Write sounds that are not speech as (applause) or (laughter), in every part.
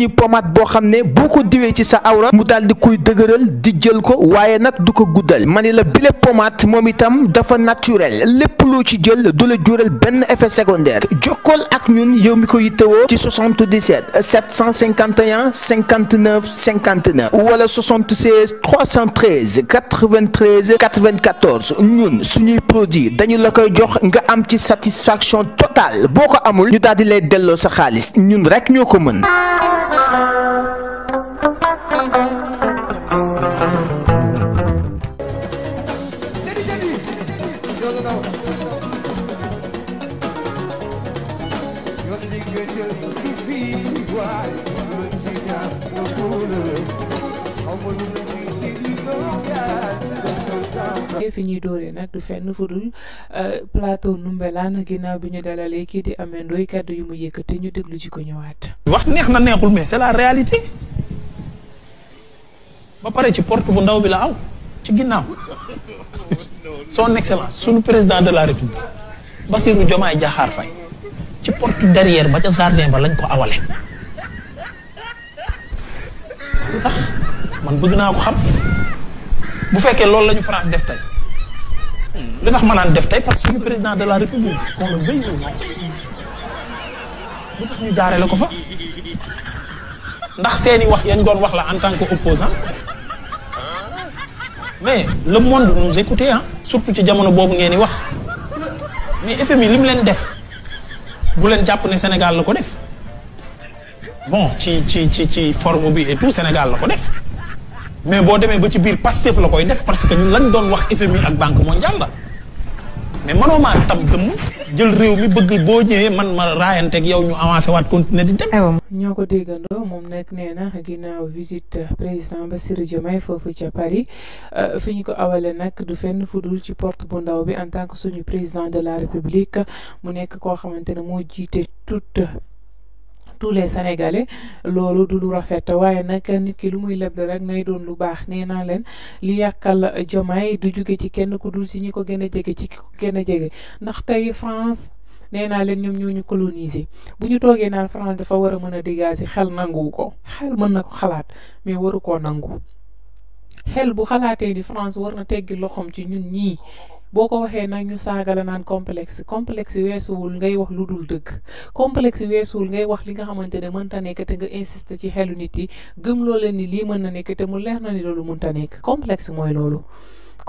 ni pomade bo xamné boko boo ci sa awra mu dal di kuy deugereul di jël ko waaye nak du ko guddal ma la bile pomade moom itam dafa naturel lepp loo ci jël du la jural ben effet secondaire jokkool ak ñun yow mi ko ci 77 751 59 59 wala 76 313 93 94 ñun suñuy produit dañu la koy jox nga am ci satisfaction totale boko amoule amul ñu dal di lay dello sa xaliss ñun rek ñoko Música fi ñuy dóoree nag du fenn fu dul eh, plateau Numbelaan ginnaaw bi ñu dalalee di Ameth Ndoye kàddu yu mu yëkkati ñu déglu ci ko ñëwaat. wax neex na neexul mais c'est la réalité ba pare ci porte bu ndaw bi la aw ci ginnaaw son excellence sunu président de la république Bassirou Diomaye Diakhar Faye ci porte derrière ba ca jardin ba lañ ko awale man bëgg naa ko xam bu fekkee loolu la France def tey li tax ma def parce que suñu président de la république on le veuille ou non lu tax ñu jaaree la ko fa ndax seeni wax yañ doon wax la en tant que opposant mais le monde nous écoutait hein surtout ci jamono boobu ngeen di wax mais FMI lim leen def bu leen jàpp ne Sénégal la ko def bon ci ci ci ci forme bi et tout Sénégal la ko def mais boo demee ba ci biir Pastef la koy def parce que ñun lañ doon wax FMI ak banque mondiale la mais manoo tam dëmm jël réew mi bëgg boo ñëwee man ma raayanteeg yow ñu avancé waat continuer di dem. ñoo ko déggandoo moom nekk nee na ginnaaw visite président Bassirou Diomaye foofu ca Paris euh, fi ñu ko awale nag du fenn fu ci porte bu ndaw bi en tant que suñu président de la République mu nekk koo xamante ne moo jiite toute. tous les sénégalais loolu du lu rafet waaye nag nit ki lu muy leble rek nay doon lu baax nee naa leen li yàqal jomaay du jóge ci kenn ku dul si ñi ko gën a jege ci ko gën a jege ndax tey France nee naa leen ñoom ñoo ñu coloniser bu ñu toogee naan France dafa war a mën a dégager xel nanguwu ko xel mën na ko xalaat mais waru koo nangu xel bu xalaatee ni France war na teggi loxoom ci ñun ñii. boo ko waxee nag ñu saaga la naan complexe complexe weesuwul ngay wax lu dul dëgg complexe weesuwul ngay wax li nga xamante ne mënta nekk te nga insiste ci xelu nit yi gëm loo leen ni lii mën na nekk te mu leer na ni loolu mënta nekk complexe mooy loolu.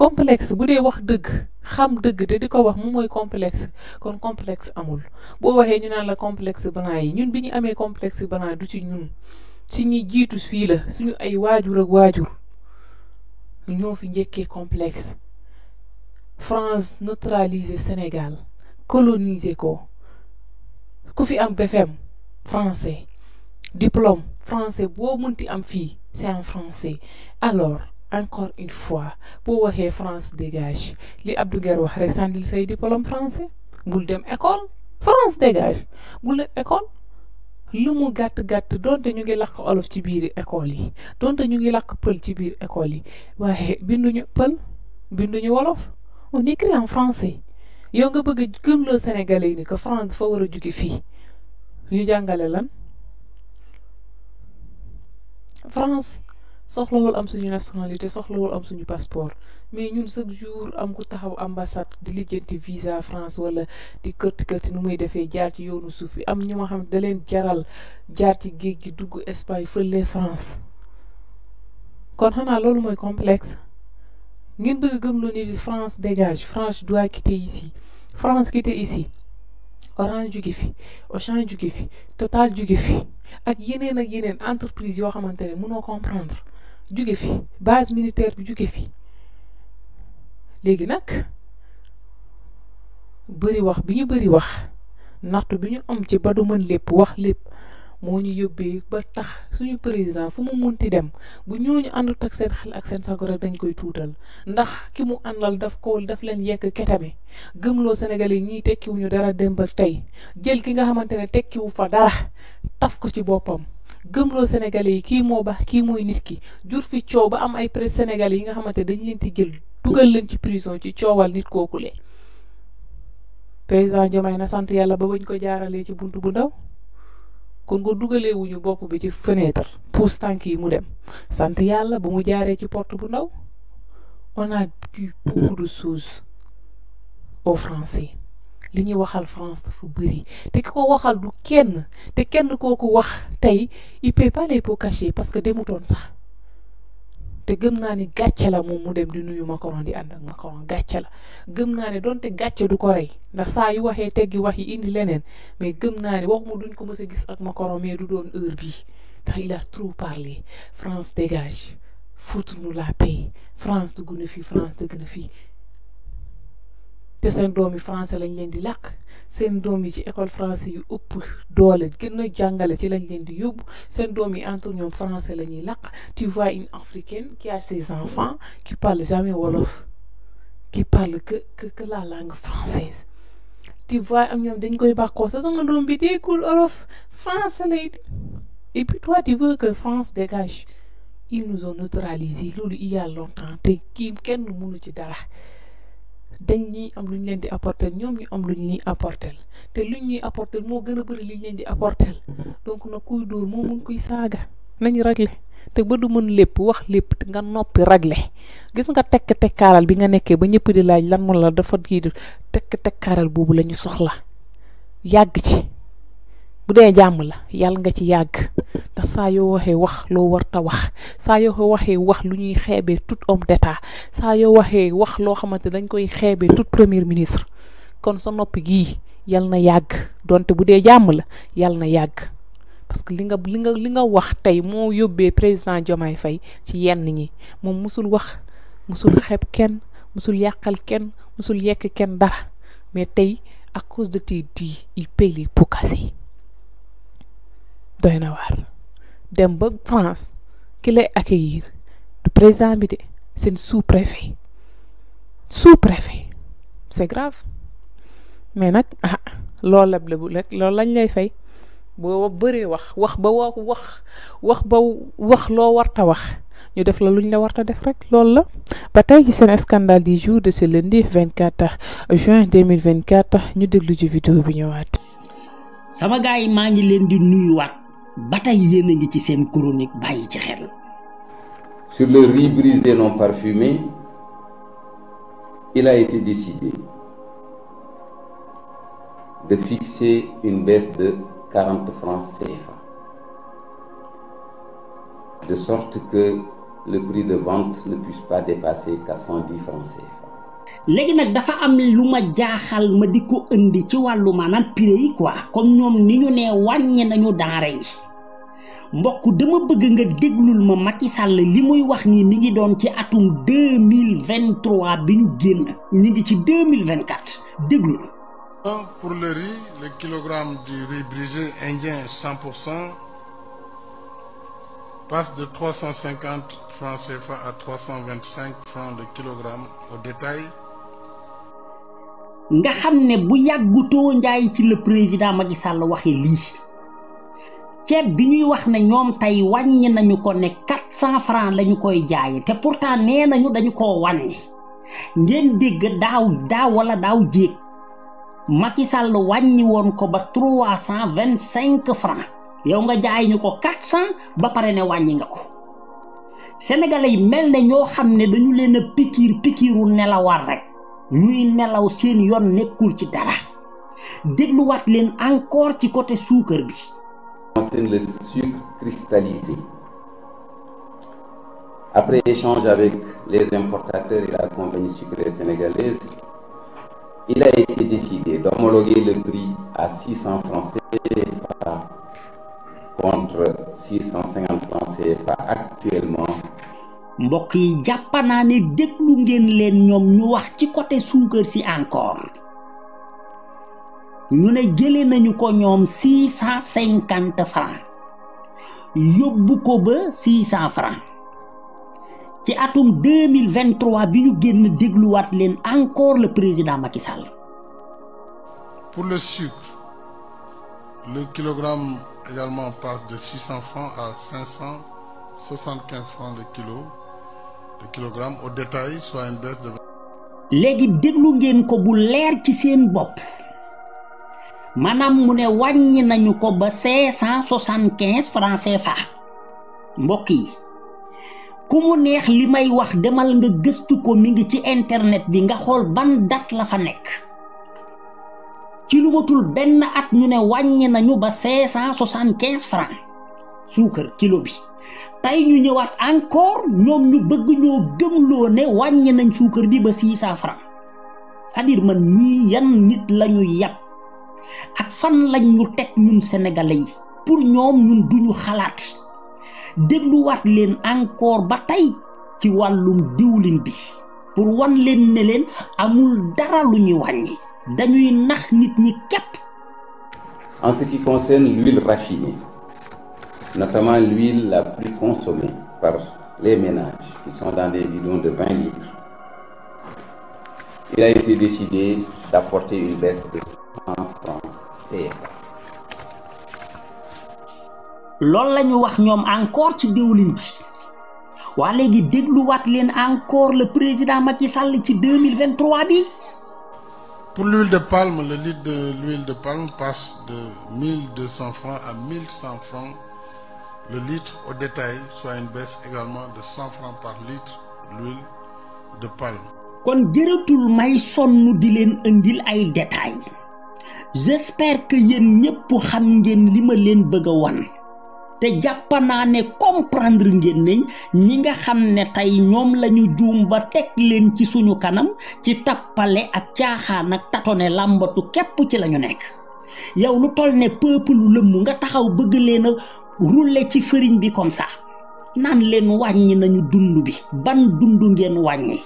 complexe bu dee wax dëgg xam dëgg te di ko wax moom mooy complexe kon complexe amul boo waxee ñu naan la complexe blanc yi ñun bi ñu amee complexe blanc du ci ñun ci ñi jiitu fii la suñu ay waajur ak waajur ñoo fi njëkkee complexe. France neutraliser Sénégal coloniser ko ku fi am français diplôme français boo munti am fi, c'est en français alors encore une fois boo voir France dégage li Abdou Nguer wax rek say diplôme français école France dégage bul école lu gat gàtt de donte ñu ngi lakk olof ci biir école yi donte ñu ngi lakk pël ci biir école yi wolof on écrit en français yow nga bëgg a gëmloo sénégalais ni que France fa war a jóge fii ñu jàngale lan France soxlawul am suñu nationalité soxlawul am suñu passeport mais ñun chaque jour am ku taxaw ambassade di lijjanti visa France wala di kërti kërti nu muy defee jaar ci yoonu suuf bi am ñi ma xam da leen jaral jaar ci géej gi dugg Espagne fële France kon xanaa loolu mooy complexe. ngeen bëgg gëm loo ni France dégage France doit quitter ici France quitter ici Orange jugé fi Auchan du fi Total jugé fi ak yeneen ak yeneen entreprise yoo xamante ne mënoo comprendre Du fi base militaire bi jugé fi léegi nag bëri wax bi ñu bëri wax nattu bi ñu am ci ba du mën wax moo ñu yóbbee ba tax suñu président fu mu mun ti dem bu ñooñu àndul ak seen xel ak seen sago dañ koy tuutal ndax ki mu àndal daf ko daf leen yekk ketame gëmloo Sénégal yi ñiy tekkiwuñu dara dem tey jël ki nga xamante ne tekkiwu fa dara taf ko ci boppam. gëmloo Sénégalais yi kii moo baax kii mooy nit ki jur fi coow ba am ay presse sénégal yi nga xamante dañ leen di jël dugal leen ci prison ci coowal nit kooku le président Diomaye na sant yàlla ba bañ ko jaaralee ci buntu bu ndaw. kon nga dugalee wuñu bopp bi ci fenêtre pousse tànk yi mu dem sante yalla bu mu jaaree ci porte bu ndaw on a du beaucoup de choses aux Français liñu waxal France dafa bëri te kiko waxal du kenn te kenn koku wax tay il paie pas les pour cachés parce que demoutone ça te gëm naa ni gàcce la moom mu dem di nuyu Macron di ànd ak Macron gàcce la gëm naa ne donte gàcce du ko rey ndax saa yu waxee teggi wax yi indi leneen mais gëm naa ne waxuma duñ ko mës gis ak Macron mais du doon heure bii ndax il a trop parlé France dégage foutre-nous la paix France dugg na fii France dugg na fii te seen français lañ leen di lakk sen doom ci école français yu upp doole gën a jàngale ci lañ leen di yóbbu sen doom entour français la ñuy lakk tu vois une africaine qui a ses enfants qui parle jamais wolof qui parle que que que la langue française tu vois am ñoom dañ koy bàkkoo sa sama doom bi déggul wolof français lay et puis toi tu veux que France dégage ils nous ont neutralisé loolu il y a longtemps te kii kenn mënu ci dara. dañ ñuy am lu ñu leen di apporter ñoom ñu am lu ñuy apporter te lu ñuy apporter moo gën a bëri li ñu leen di apporter donc nag kuy dóor moo mën kuy saaga nañu régler te ba du mën lépp wax lépp nga noppi régler gis nga tekk tekkaaral bi nga nekkee ba ñëpp di laaj lan moo la dafa kii tekk tekkaaral boobu la ñu soxla yàgg ci. bu dee jàmm la yàlla nga ci yàgg ndax saa yoo waxee wax loo warta wax saa yoo ko waxee wax lu ñuy xeebee tout homme d'état saa yoo waxee wax loo xamante dañ koy xeebee tout premier ministre kon sa nopp gii yal na yàgg donte bu dee jàmm la yàlla na yàgg parce que li nga li nga li nga wax tey moo yóbbee président Diomaye Faye ci yenn ñi moom musul wax mosul xep kenn musul yàqal kenn musul yekk kenn dara mais tey à cause de tes dires il paye les doy na waar dem ba France ki lay accueillir du président bi de seen sous-préfet sous-préfet c'est grave mais nag ah loolu lab bu rek loolu lañ lay fay boo bëree wax wax ba wax wax wax ba wax loo warta wax ñu def la luñ la warta def rek lool la ba tey ci seen scandale du jour de ce lundi 24 juin 2024 ñu déglu ci vidéo bi ñëwaat. sama gars yi maa ngi leen di nuyuwaat. ba tey yéen a ngi ci seen chronique bàyyi ci xel. Sur le riz brisé non parfumé, il a été décidé de fixer une baisse de 40 francs CFA, de sorte que le prix de vente ne puisse pas dépasser 410 francs CFA. léegi nag dafa am lu ma jaaxal ma di ko indi ci wàllu maanaam prix quoi comme ñoom ni ñu nee wàññi nañu denrée mbokk dama bëgg nga déglul ma Macky Sall li muy wax ni mi ngi doon ci atum deux mille vingt trois bi ñu génn ñu ngi ci deux mille vingt quatre pour le riz le kilogramme du riz brisé indien 100% passe de 350 francs CFA à 325 francs le kilogramme au détail. nga xam bu yagguto njaay ci le président Macky Sall waxee li ceeb bi ñuy wax na ñoom tey wàññi nañu ko ne quatre francs lañu koy jaaye te pourtant nee nañu dañu ko wàññi ngeen dégg daaw daaw walla daaw jéeg Macky Sall wàññi woon ko ba trois cent vingt cinq francs yow nga jaay ko quatre ba pare ne wàññi nga ko sénégalais yi mel ne ñoo xam ne dañu leen pikiir pikiiru nelawar rek ñuy nelaw seen yoon nekkul ci dara dégluwaat leen encore ci côté suukar bi le sucre cristallisé. Après échange avec les importateurs et la compagnie sucrée sénégalaise, il a été décidé d'homologuer le prix à 600 francs CFA contre 650 francs CFA actuellement. ne encore ñu avons jëlee nañu ko francs yóbbu ko ba 600 francs ci atum 2023 mille vingt bi encore le président Macky Sall. Pour le sucre, le kilogramme également passe de 600 francs à 575 francs le kilo, le kilogramme au détail, soit une baisse de. léegi déglu ngeen ko bu leer ci seen bopp. manam mune wagn nañu ko ba 575 cent fa quinze mbokk yi ku mu neex li wax demal nga gëstu ko mi ngi ci internet bi nga xol ban dat la fa nekk ci lu matul benn at ñu ne wàññi nañu ba 575 francs sucre kilo bi tey ñu ñëwaat encore ñoom ñu bëgg ñoo gëmloo ne wàññi nañ sucre bi ba 600 francs c'est-à-dire man ñii yan nit lañu yàpp ak fan lañ ñu teg ñun sénégalais yi pour ñoom ñun duñu xalaat dégluwaat leen encore ba tey ci wàllum diwlin bi pour wan leen ne leen amul dara lu ñuy wàññi dañuy nax nit ñi képp en ce qui concerne l'huile raffinée notamment l'huile la plus consommée par les ménages qui sont dans des bidons de 20 litres il a été décidé d'apporter une baisse de c'est la wax encore ci diwlin bi waa léegi dégluwaat leen encore le président Macky Sall ci 2023 Pour l'huile de palme, le litre de l'huile de palme passe de 1200 francs à 1100 francs le litre au détail, soit une baisse également de 100 francs par litre l'huile de palme. kon gëratul may sonn di leen indil ay détails j'espère que yéen ñëpp xam ngeen li ma leen bëgg a wan te jàpp naa ne comprendre ngeen nañ ñi nga xam ne tey ñoom lañu ñu ba teg leen ci suñu kanam ci tappale ak caaxaan ak tatone làmbatu képp ci lañu nekk yow lu toll ne peuple lu lëmm nga taxaw bëgg leen a rouler ci fëriñ bi comme ça naan leen wàññi nañu dund bi ban dund ngeen wàññi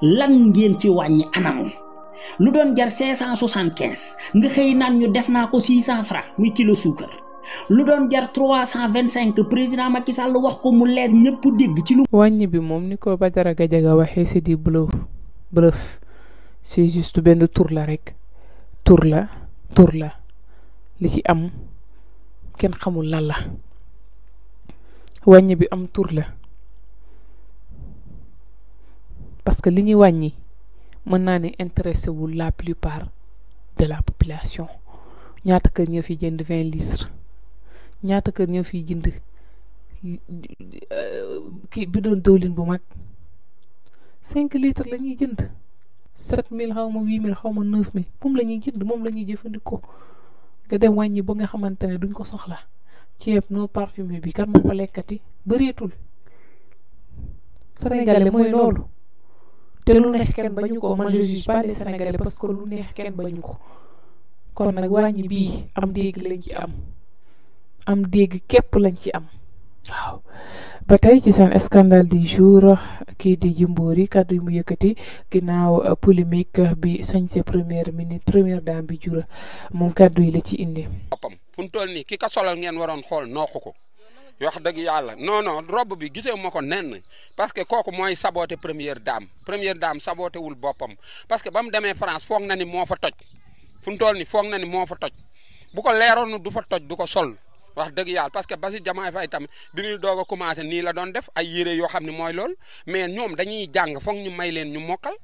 lan ngeen ci wàññi anam lu doon jar 575 nga xey naan ñu def naa ko 600 francs muy kilo sucre lu doon jar 325 président Macky Sall wax ko mu leer ñepp dégg ci lu wàññi bi moom ni ko Badara Gadiaga waxe ci di bluff bluff c'est juste ben tour la rek tour la tour la li ci am Ken xamul lan la wàññi bi am tour la parce que li ñi wañi maintenant n'est intéressé ou la plupart de la population ñata ke ñu jënd 20 litres ñata ke ñu fi jënd euh, ki bi doon dowlin bu mag 5 litres lañuy jënd 7000 xawma 8000 xawma 9000 mom lañuy jënd mom lañuy jëfëndiko ga dem wañi bu nga xamantene duñ ko soxla ci ep no parfumé bi kan mo ko lekati bëretul sénégalais moy lolu te lu neex kenn bañu ko man je juge pas les sénégalais parce que lu neex kenn bañu ko kon nak wañi bi am dégg lañ ci am am dégg képp lañ ci am waaw ba tay ci sen scandale du jour ki di Jimbori kaddu mu yëkëti ginaaw e, polémique bi sañ ci première ministre première dame bi jura moom kaddu yi la ci indi. boppam tol ni ki ka solal ngeen waron xol nooxu wax dëgg yàlla non non robe bi gisee ma ko nenn parce que kooku mooy saboté première dame première dame saboté wul boppam parce que ba mu demee France foog na ni moo fa toj fu mu toll ni foog na ni moo fa toj bu ko leeroon du fa toj du ko sol wax dëgg yàlla parce que Bassirou Diomaye Faye tamit bi muy doog a commencé nii la doon def ay yére yoo xam ne mooy lool mais ñoom dañuy jàng foog ñu may leen ñu mokkal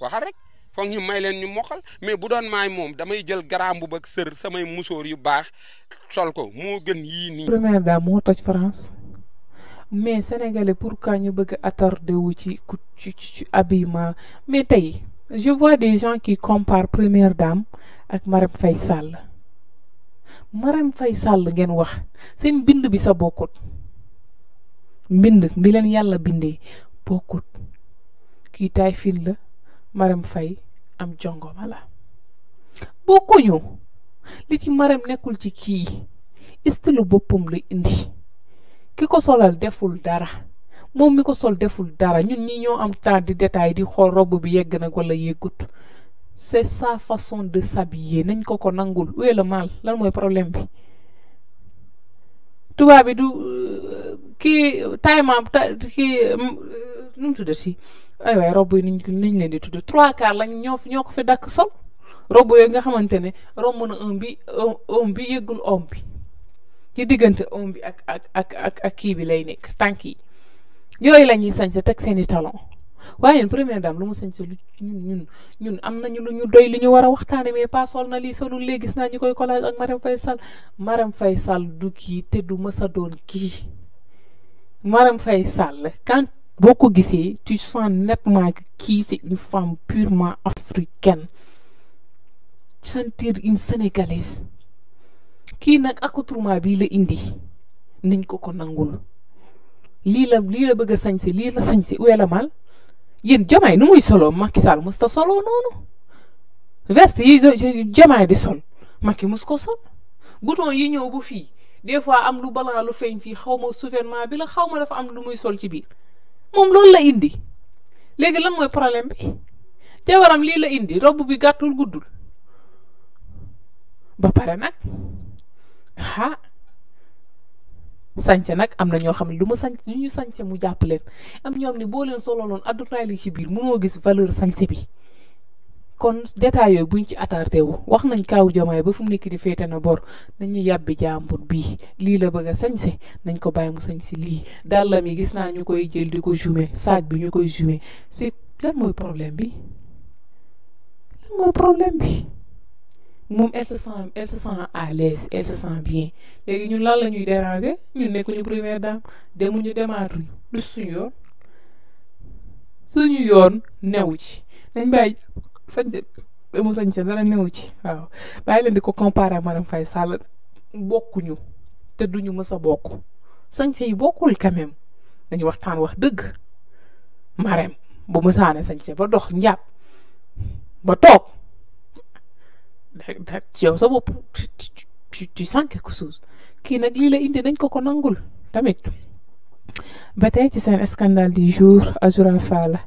waxal rek foog ñu may leen ñu mokkal mais bu doon maay moom damay jël garaam bu bëgg sër samay musóor yu baax sol ko moo gën yii nii. première dame moo toj France mais sénégalais pourquoi ñu bëgg attardé wu ci ci ci habillement mais tey je vois des gens qui comparent première dame ak Marème Faye sàll Marème Faye Sall ngeen wax seen bind bi sa bokkut mbind bi leen yàlla bindee bokkut kii taay fin la. Marème fay am jongoma la bokkuñu li ci Marème nekkul ci kii istilu boppam la indi ki ko solal deful dara moom mi ko sol deful dara ñun ñi ñoo am temps di détail di xool robb bi yegg nag wala yeggut c'est sa façon de s'habiller nañ ko ko nangul où est le mal lan mooy problème bi tubaab bi du euh, ki taaymaam ta kii euh, nu mu ay waay robb yi niñ niñ leen di tudde trois quarts lañ ñoo ñoo ko fi dakk sol robb yooyu nga xamante ne romb na un bi un bi yëggul om bi ci diggante om bi ak ak ak ak ak kii bi lay nekk tànk yi yooyu la ñuy sañse teg seen i talon waaye yéen première dame lu mu sañse lu ñun ñun am na lu ñu doy li ñu war a waxtaane mais pas na lii solul léegi gis naa ñu koy collage ak Marème Faye sal Marème Faye Sall du kii te du mës a doon kii Marème Faye Sall quand boo ko gisee tu sens nettement que kii si une femme purement africaine sentir une sénégalaise kii nag ak accoutrement bii la indi niñ ko ko nangul lii la lii la bëgg a sañse lii la si uwe la mal yéen jamaay nu muy soloo Macky Sall mosta ta soloo noonu veste yi jamaay di sol Macky mos ko sol bouton yi ñëw bu fii des fois am lu balaa lu feeñ fii xaw ma souverainement bi la xaw ma dafa am lu muy sol ci biir mom la indi legui lan moy problème bi jabaram li la indi robu bi gàttul guddul ba paré nak ha ah, sañse nak amna ño xamni xam ne lu mu sañ ñu sañse mu jàpp leen am ñom ni leen non li ci bir mëno gis valeur bi kon détails yooyu buñ ci attardé wu wax nañ kaaw jamaay ba fu mu nekk di féete na bor nañu yàbbi jàmbur bii lii la bëgg a sañse nañ ko bàyyi mu sañsi lii dàllam mi gis naa ñu koy jël di ko jume saag bi ñu koy jume si lan mooy problème bi problème bi moom elle se sent elle se sent à l'aise elle se bien léegi ñun lan la ñuy déranger ñun nekkuñu première dame demuñu demaatuñu du suñu yoon suñu yoon new ci nañ bàyyi émotion sañ sa dara newu ci waaw bàyyi leen di ko comparer ak Marème Faye Sall bokkuñu te duñu mës a bokk sañse yi bokkul quand même dañu waxtaan é wax dëgg Marème bu mësaane ah, né, sañse ba dox njàpp ba toog da ci yow sa bopp tu sens quelque chose kii nag lii la indi nañ ko ko nangul tamit tá ba tey ci seen scandale du jour Azoura fala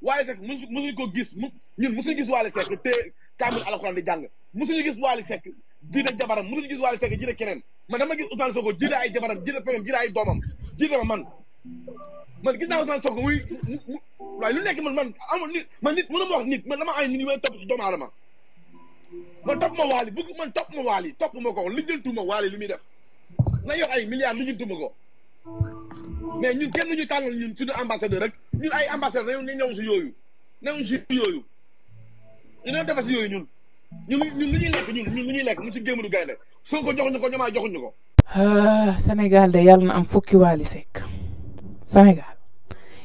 Wally Seck musu musuñu ko gis mu ñun musuñu gis Wally Seck te kaamil alxuraan di jàng musuñu gis Wally Seck jiite jabaram musuñu gis Wally Seck jiite keneen man ma gis Ousmane Sonko jiite ay jabaram jiite pegam jiite ay doomam jiite ma man man gis naa Ousmane Sonko muy waaye lu nekk man man amul nit man nit mënuma wax nit man ma ay nit yu may topp ci ma aadama man topp ma Wally bëgg man topp ma Wally topp ma ko lijjantuma Wally li muy def na yor ay milliards lijjantuma ko mais ñun kenn ñu tànnal ñun suñu ambassadeur rek ñun ay ambassadeur ne ñëw si yooyu newuñ si yooyu ñu doon defar si yooyu ñun ñun ñun lu ñuy lekk ñun ñun lu ñuy lekk mu si gémmiñu gaynde soo ko joxuñu ko ñomaa joxuñu ko ah, Sénégal de yàlla na am fukki waali sekk Sénégal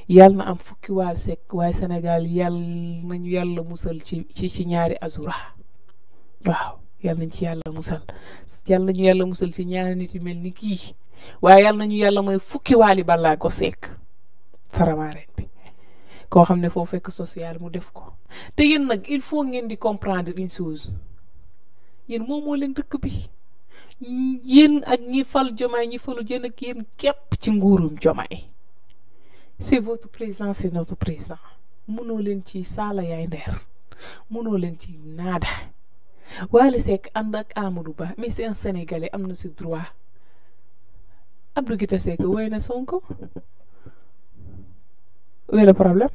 yàlla na am fukki waali sekk waaye Sénégal yàlla nañu yàlla musal ci ci ci ñaari azura waaw yàlla nañ ci yàlla musal yàlla nañu yàlla musal ci ñaari nit yu mel ni kii waaye yàlla nañu yàlla mooy fukki waali balaa ko sekk faramaareen bi koo xam ne foo fekk social mu def ko te yéen nag il faut ngeen di comprendre une chose yéen moom moo leen dëkk bi yéen ak ñi fal jomaay ñi falu jën ak yéen képp ci nguurum jomaay c'est votre président c'est notre président mënoo leen ci saala yaay ndeer mënoo leen ci naada Wally Seck ànd ak Amadou Ba mais ci un sénégalais am na si droit Abdou Guité Seck woy na Sonko où est le problème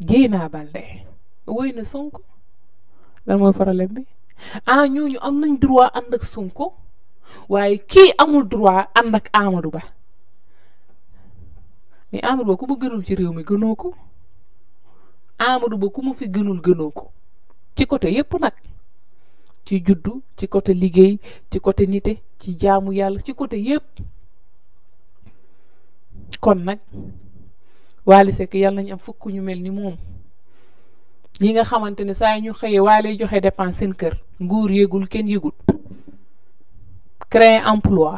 Dieyna Baldé woy na Sonko lan mooy problème bi ah ñooñu am nañ droit ànd ak Sonko waaye kii amul droit ànd ak Amadou Ba mais Amadou Ba ku mu gënul ci réew mi gënoo ko Amadou Ba ku mu fi gënul gënoo ko ci côté yépp nag ci juddu ci côté liggéey ci côté nite ci jaamu yàlla ci côté yépp kon nag Wally sekk yàlla nañu am fukk ñu mel ni moom ñi nga xamante ne saa ñu xëyee waa lay joxe dépense seen kër nguur yëgul kenn yëgul créer emploi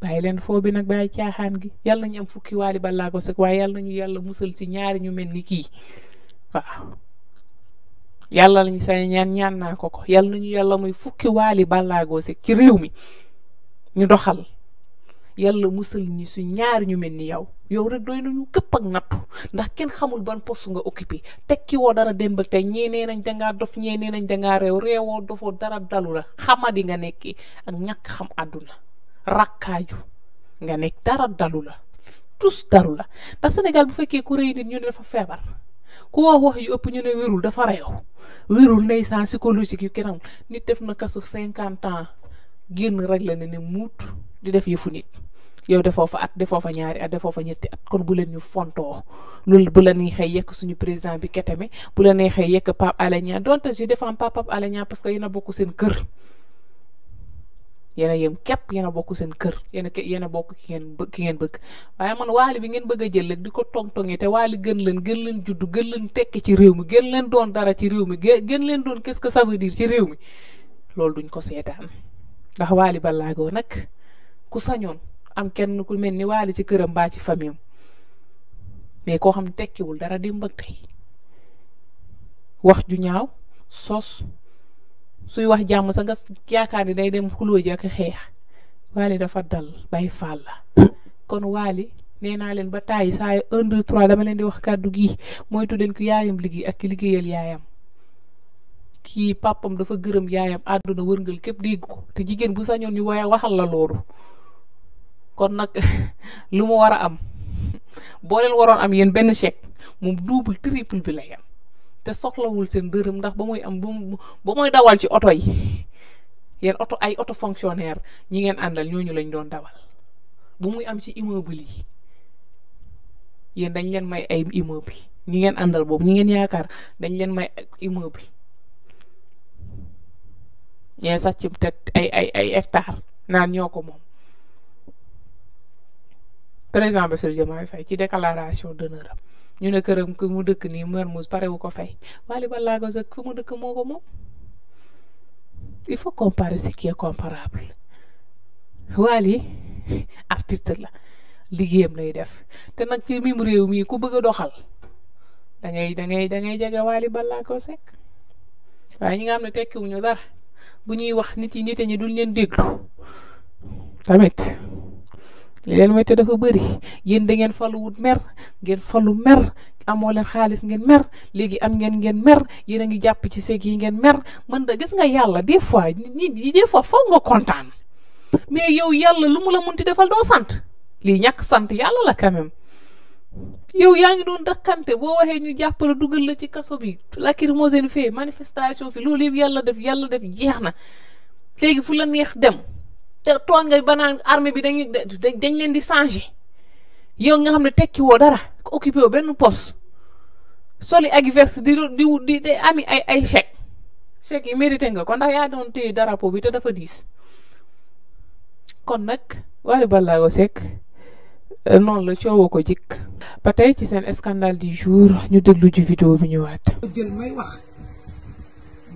bàyyi leen foo bi nag bàyyi caaxaan gi yàlla nañu am fukki Wally ko Seck waaye yàlla nañu yàlla musal si ñaari ñu mel ni kii yàlla lañ say ñaan ñaan naa ko ko yàlla nañu yàlla muy fukki waali bàllaagoo si ci réew mi ñu doxal yàlla musal ñi su ñaari ñu mel ni yow yow rek doy nañu këpp ak nattu ndax kenn xamul ban poste nga occupé tekki woo dara démb tey ñee nee nañ dangaa dof ñee danga reew dangaa réew réewoo dofoo dara dalu la xamadi nga nekki ak ñàkk xam àdduna rakkaaju nga nekk dara dalu la tus daru la ndax Sénégal bu fekkee ku rëy nit ñu ne dafa feebar ku wax wax yu ëpp ñu ne wérul dafa reew wérul ndeysaan psychologique yu kenn nit def na kasu cinquante ans génn rek la ne muut di def yëfu nit yow defoo fa at defoo fa ñaari at defoo fa ñetti at kon bu leen ñu fontoo loolu bu la neexee yekk suñu président bi Keteme bu leen neexee yekk Pape Alé Niang donte je défends pas Pape Alé Niang parce que yéen bokk seen kër yéen a yem képp yéen bokk seen kër yéen yéen a bokk ki ngeen ngeen bëgg waaye man waali bi ngeen bëgg a jël rek di ko tong-tongi te waali gën leen gën leen juddu gën leen tekki ci réew mi gën leen doon dara ci réew mi gën leen doon qu'est-ce que ça veut ci réew mi loolu duñ ko seetaan ndax waali ballaagoo nag ku sañoon am kenn ku mel ni waali ci këram baa ci famille mais koo xam tekkiwul dara di mbëg tey wax ju ñaaw sos suy wax jamm sa nga yakani day dem xuloo ji xex wali waali dafa dal bay fàll kon wali neena len ba tay saa yu un deux trois dama len di wax kaddu gi moy tuddeen ku yaayam ligi ak ligeyal liggéeyal yaayam kii pàppam dafa geureum yaayam aduna weurngal kep dégg ko te jigen bu sañoon ñu waya waxal la lolu kon nak (laughs) lumu wara am (laughs) bo len waron am yeen ben chèque moom double triple bi la yam te soxlawul seen dërëm ndax ba muy am bu muy dawal ci oto yi yéen oto ay oto fonctionnaire ñi ngeen àndal ñooñu lañ doon dawal bu muy am ci immeuble yi yéen dañ leen may ay immeuble ñi ngeen àndal boobu ñi ngeen yaakaar dañ leen may immeuble ñee sax ci te ay ay ay hectare naan ñoo ko moom président Bassirou Diomaye fay ci déclaration d'honneur am ñu ne këram ku mu dëkk nii Mermoz pare wu ko fay Wally Ballago Seck fu mu dëkk moo ko moom il faut comparer ce qui est comparable Wally (laughs) artiste la liggéeyam lay def te nag ci mim réew mii ku bëgg a doxal da dangay dangay ngay da ngay jege Wally Ballago Seck waaye ñi nga xam ne tekkiwuñu dara bu ñuy wax nit yi nit ñi duñ leen déglu tamit. li leen mooy te dafa bëri yéen da ngeen falu wut mer ngeen falu mer amoo leen xaalis ngeen mer léegi am ngeen ngeen mer yéen a ngi jàpp ci seeg yi ngeen mer mën da gis nga yàlla des fois nit des fois foog nga kontaan mais yow yàlla lu mu la munti defal doo sant lii ñàkk sant yàlla la quand même yow yaa ngi doon dakkante boo waxee ñu jàppale dugal la ci kaso bi lacrymogène fee manifestation fi loolu yëpp yàlla def yàlla def jeex na léegi fu la neex dem te tooñ nga ba naan armée bi dañuy dañ leen di changé yow nga xam ne tekki woo dara occupé woo benn poste soli ak veste di di di di ami ay ay chèque chèque yi mérité nga ko ndax yaa doon téye drapeau bi te dafa diis kon nag Wally Ballago Seck euh, noonu la coowoo ko jikk ba ci seen scandale du jour ñu déglu ju vidéo bi ñëwaat. jël may wax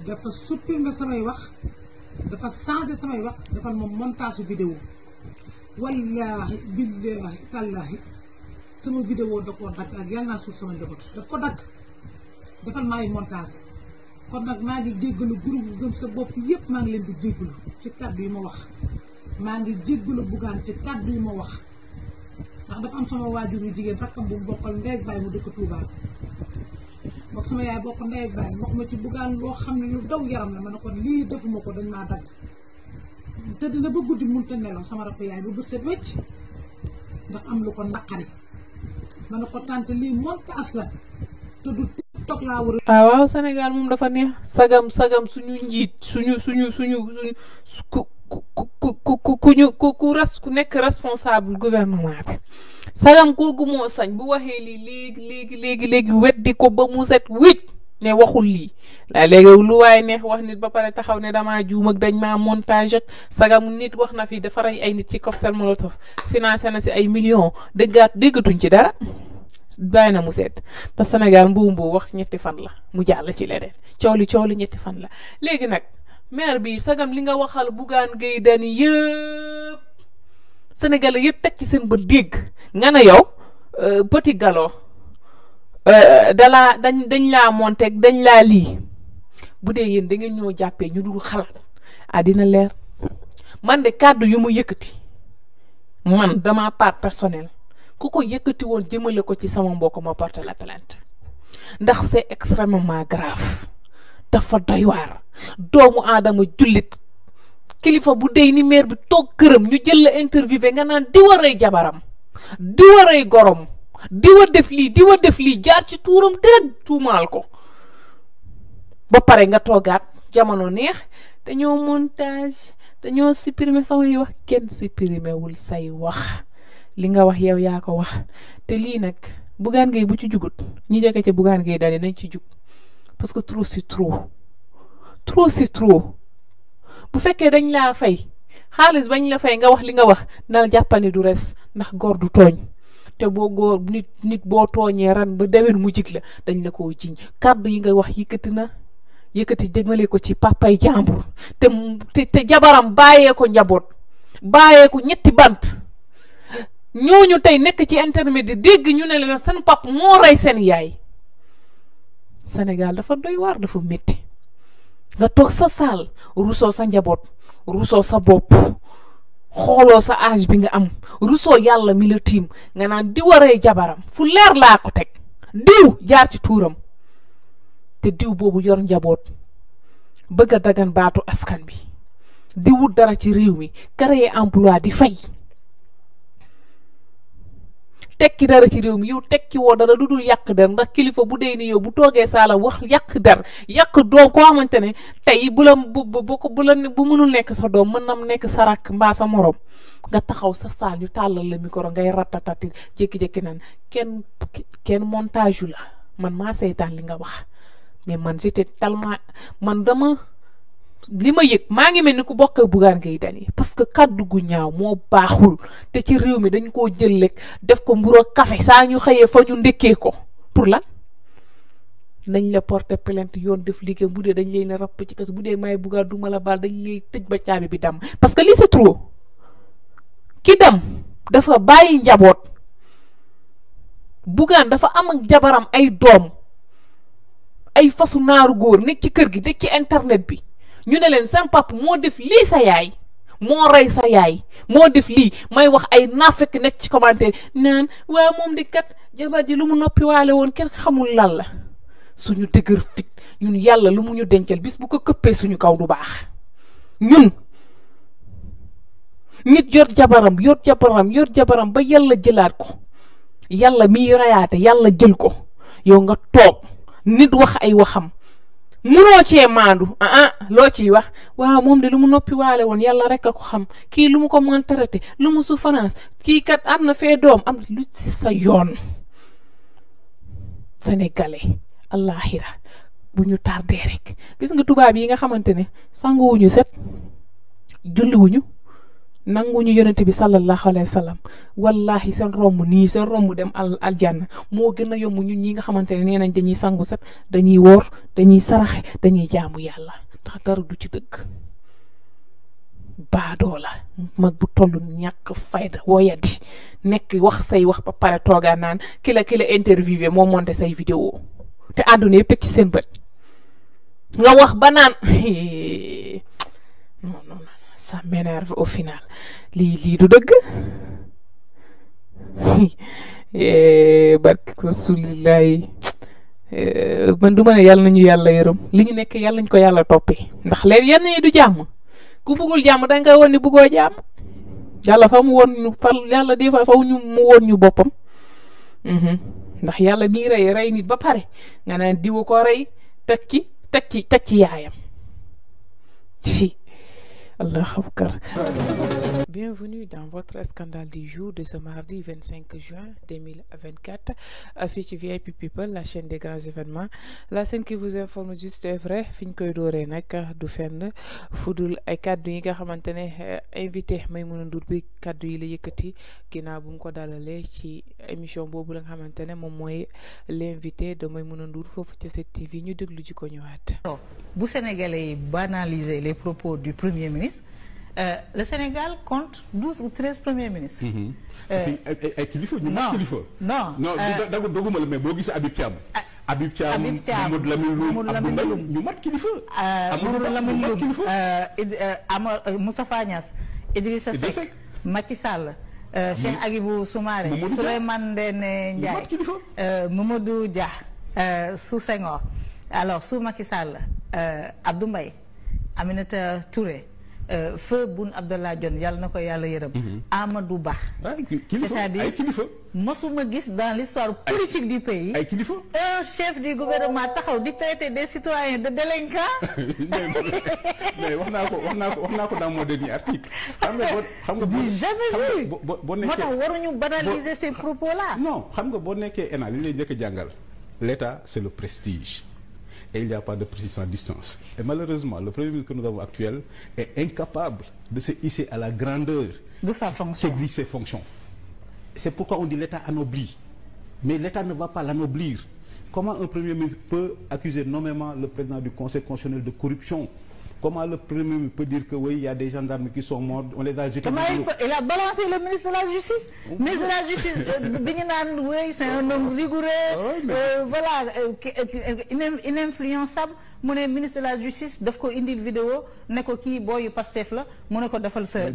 dafa samay wax. dafa changé samay wax defal ma montage vidéo wallaahi billaahi tallaahi sama vidéo da koo dagg ak yàlla naa suuf sama njaboot daf ko dagg defal ma ay montage kon nag maa ngi jéggalu groupe bu gëm sa bopp yépp maa ngi leen di jéggalu ci kàddu yi ma wax maa ngi jéggalu buggaan ci kàddu yi ma wax ndax dafa am sama waajur yu jigéen rakkam bu mu bokkal ndeeg bàyyi mu dëkk Touba bok sama yaay bokk ndey ak baay wax ma ci bugan bo xamni lu daw yaram la manako li defumako dañ ma dag te dina bu guddi munta nelo sama rakk yaay bu bët set wecc ndax am lu ko nakari manako tante li monta asla la te du toog la wuro a ah, waaw senegal moom dafa neex sagam sagam suñu sunyu suñu suñu suñu suñu ku ku ku ku ñu ku ku ku nekk responsable gouvernement bi sagam googu moo sañ bu waxee lii léegi léegi léegi léegi weddi ko ba mu set wécc ne waxul lii la léegi lu waaye neex wax nit ba pare taxaw ne dama juumak ak dañ maa montage ak sagam nit wax na fi dafa rey ay nit ci cocktail molotov financé na si ay millions déggaat déggatuñ ci dara bàyyi na mu set te Sénégal mbuum bu wax ñetti fan la mu jàll ci leneen coow li ñetti fan la léegi nag. mer bi sagam li nga waxal Bougane gey dan yëpp senegal yëpp tek ci sen beu deg nga na yow euh, Petit Gallo euh, dalaa dañ dañ la monté dañ la li budé yeen da nga ñoo jappé ñu dul adina ah, lèr man de cadeau yu mu yëkëti man dama part personnel ku ko won woon jëmale ko ci sama mbokk ma porter la plainte ndax c'est extrêmement grave dafa doy war doomu aadama jullit kilifa bu dey ni maire bi toog këram ñu jël la interview nga naan di waray jabaram di waray gorom di wa def lii di wa def lii jaar ci tuuram direct tuumaal ko ba pare nga toogaat jamono neex dañoo montage dañoo supprimer sa way wax kenn supprimer wul say wax li nga wax yow yaa ko wax te lii nag bugaan ngay bu ci jugut ñi jege ca bugaan ngay dalee nañ ci jug parce que trop c'est trop trop c'est trop bu fekkee dañ laa fay xaalis bañ la fay nga wax li nga wax na jàppal du res ndax góor du tooñ te boo góor nit nit boo tooñee ran ba déwén mu jig la dañ la ko jiñ kàddu yi nga wax yëkkati na yëkkati jëmale ko ci papay jàmbur te te te jabaram bàyyee ko njaboot bàyyee ñetti bant ñooñu tey nekk ci intermet di dégg ñu ne leen seen pap moo rey seen yaay senegal dafa doy waar dafa metti nga toog sa saal ruusoo sa njaboot ruusoo sa bopp xooloo sa âge bi nga am ruusoo yàlla mi la tiim nga naan di waree jabaram fu leer laa ko teg diw jaar ci tuuram te diw boobu yor njaboot bëgg dagan baatu askan bi diwul dara ci réew mi créer emploi di fay tekki dara ci réew mi yow tekki wo dara du dul yak der ndax kilifa bu deyni ni yow bu toge sala wax yak der yak do ko xamantene tay bu la bu bu ko bu la bu mënul nek sa do mën nam nek sa rak mba sa morom nga taxaw sa sal yu talal la micro ngay ratatati jékki-jékki nan ken ken montage la man ma setan li nga wax mais man j'étais tellement man dama li ma yëg maa ngi mel ni ku bokk ak Bougane Gueye Dany parce que kaddu gu ñaaw moo baaxul te ci réew mi dañ koo jël lekk def ko mburu kafe saa ñu xëyee fa ñu ndekkee ko pour lan nañ la porte plainte yoon def liggéey bu dee dañ lay na rapp ci kas bu dee maay Bougane duma la baal dañ lay tëj ba caabi bi dam parce que lii c'est trop ki dem dafa bàyyi njaboot Bougane dafa am ak jabaram ay doom ay fasu naaru góor nekk ci kër gi nekk ci internet bi ñu ne leen sama papa moo def lii sa yaay moo rey sa yaay moo def lii may wax ay fekk nekk ci commentaire naan waa moom di kat jabar ji lu mu noppiwaale woon kenn xamul lan la suñu dëgër fit ñun yàlla lu mu ñu dencal bis bu ko këppee suñu kaw du baax ñun nit yor jabaram yor jabaram yor jabaram ba yàlla jëlaat ko yàlla miy reyaate yàlla jël ko yow nga toog nit wax ay waxam munoo cee maandu ah ah loo ciy wax waaw moom de lu mu noppi woon yàlla rek a ko xam kii lu mu ko mën traité lu mu souffrance kii kat am na fee doom am lu ci sa yoon sénégalais allahira bu ñu tardé rek gis nga tubaab yi nga xamante ne sanguwuñu set julliwuñu nangu ñu yonente bi sallallahu alayhi wasallam wallahi sen rombu ni sen rombu dem al aljanna mo gëna a yomb ñun ñi nga xamante nenañ dañuy sangu set dañuy wor dañuy saraxé dañuy jaamu yalla tax daru du ci dëgg baadoo la mag bu tollu ñak fayda nek wax say wax ba paré toga naan kila kila interviewé mo monté say vidéo te aduna yépp teg ci seen bëtt nga wax ba naan (laughs) ça m'énerve au final Li li du dëgg (laughs) eh, barke rasulillahi eh, man duma ne yalla nañu yalla yërëm li ñu nekk nañ ko yalla topé. ndax leer yenn yi du jamm. ku bëggul jamm da nga woni bëggo jamm. Yalla fa mu won ñu fal yàlla des fois fa ñu mu won ñu boppam mhm. ndax yalla bii rey rey nit ba paré. nga naan diwu ko rey tekki tekki tekki yaayam si الله أكبر Bienvenue dans votre scandale du jour de ce mardi 25 juin 2024. Affiche VIP People, la chaîne des grands événements. La scène qui vous informe juste est vrai. Fin koy dooree nag du fenn fudul ay kàddu yi nga eh, invité Maimoun Ndour bi kàddu yi la yëkkati qui bu ko ci émission boobu la nga xamante ne l'invité de Maimoun Ndour foofu ci 7TV ñu déglu ko Sénégalais yi les propos du premier ministre. Euh, le Sénégal compte 12 ou 13 premiers ministres. Mhm. Euh, et kilifa ñu non non non euh, doguma mais boo gisee Habib ah, Habib Lamine Loum Moussa Fagnas, Agibou Ndiaye. Senghor alors sous Macky Sall Abdou Aminata Touré. Euh, feu Boun Abdallah Dionne yalla nako yalla yàlla mhm. Amadou Ba. Ah, c'est-à-dire mosuma gis dans l'histoire politique du pays. ay kilifa un chef du gouvernement taxaw di traiter des citoyens de délinquants. (laughs) mais wax naa ko wax ko wax ko dans mon dernier article. xam nga boo xam nga (laughs) jamais vu boo nekkee moo waruñu banaliser ces propos là. non xam nga bo nekkee ENA li lay njëkk a jàngal l' le prestige et il n'y a pas de précision à distance. Et malheureusement, le Premier ministre que nous avons actuel est incapable de se hisser à la grandeur de sa fonction. ses fonctions. C'est pourquoi on dit l'État anoblit. Mais l'État ne va pas l'anoblir. Comment un Premier ministre peut accuser nommément le président du Conseil constitutionnel de corruption Comment le Premier peut dire que oui, il y a des gendarmes qui sont morts, on les a jetés Comment il, peut, il, a balancé le ministre de la Justice Le ministre de la Justice, euh, oui, c'est un homme rigoureux, ah euh, voilà, euh, euh, euh ininfluençable. Mon ministre de la Justice, il a une vidéo, il a qui boy pastef là, il a fait Il fait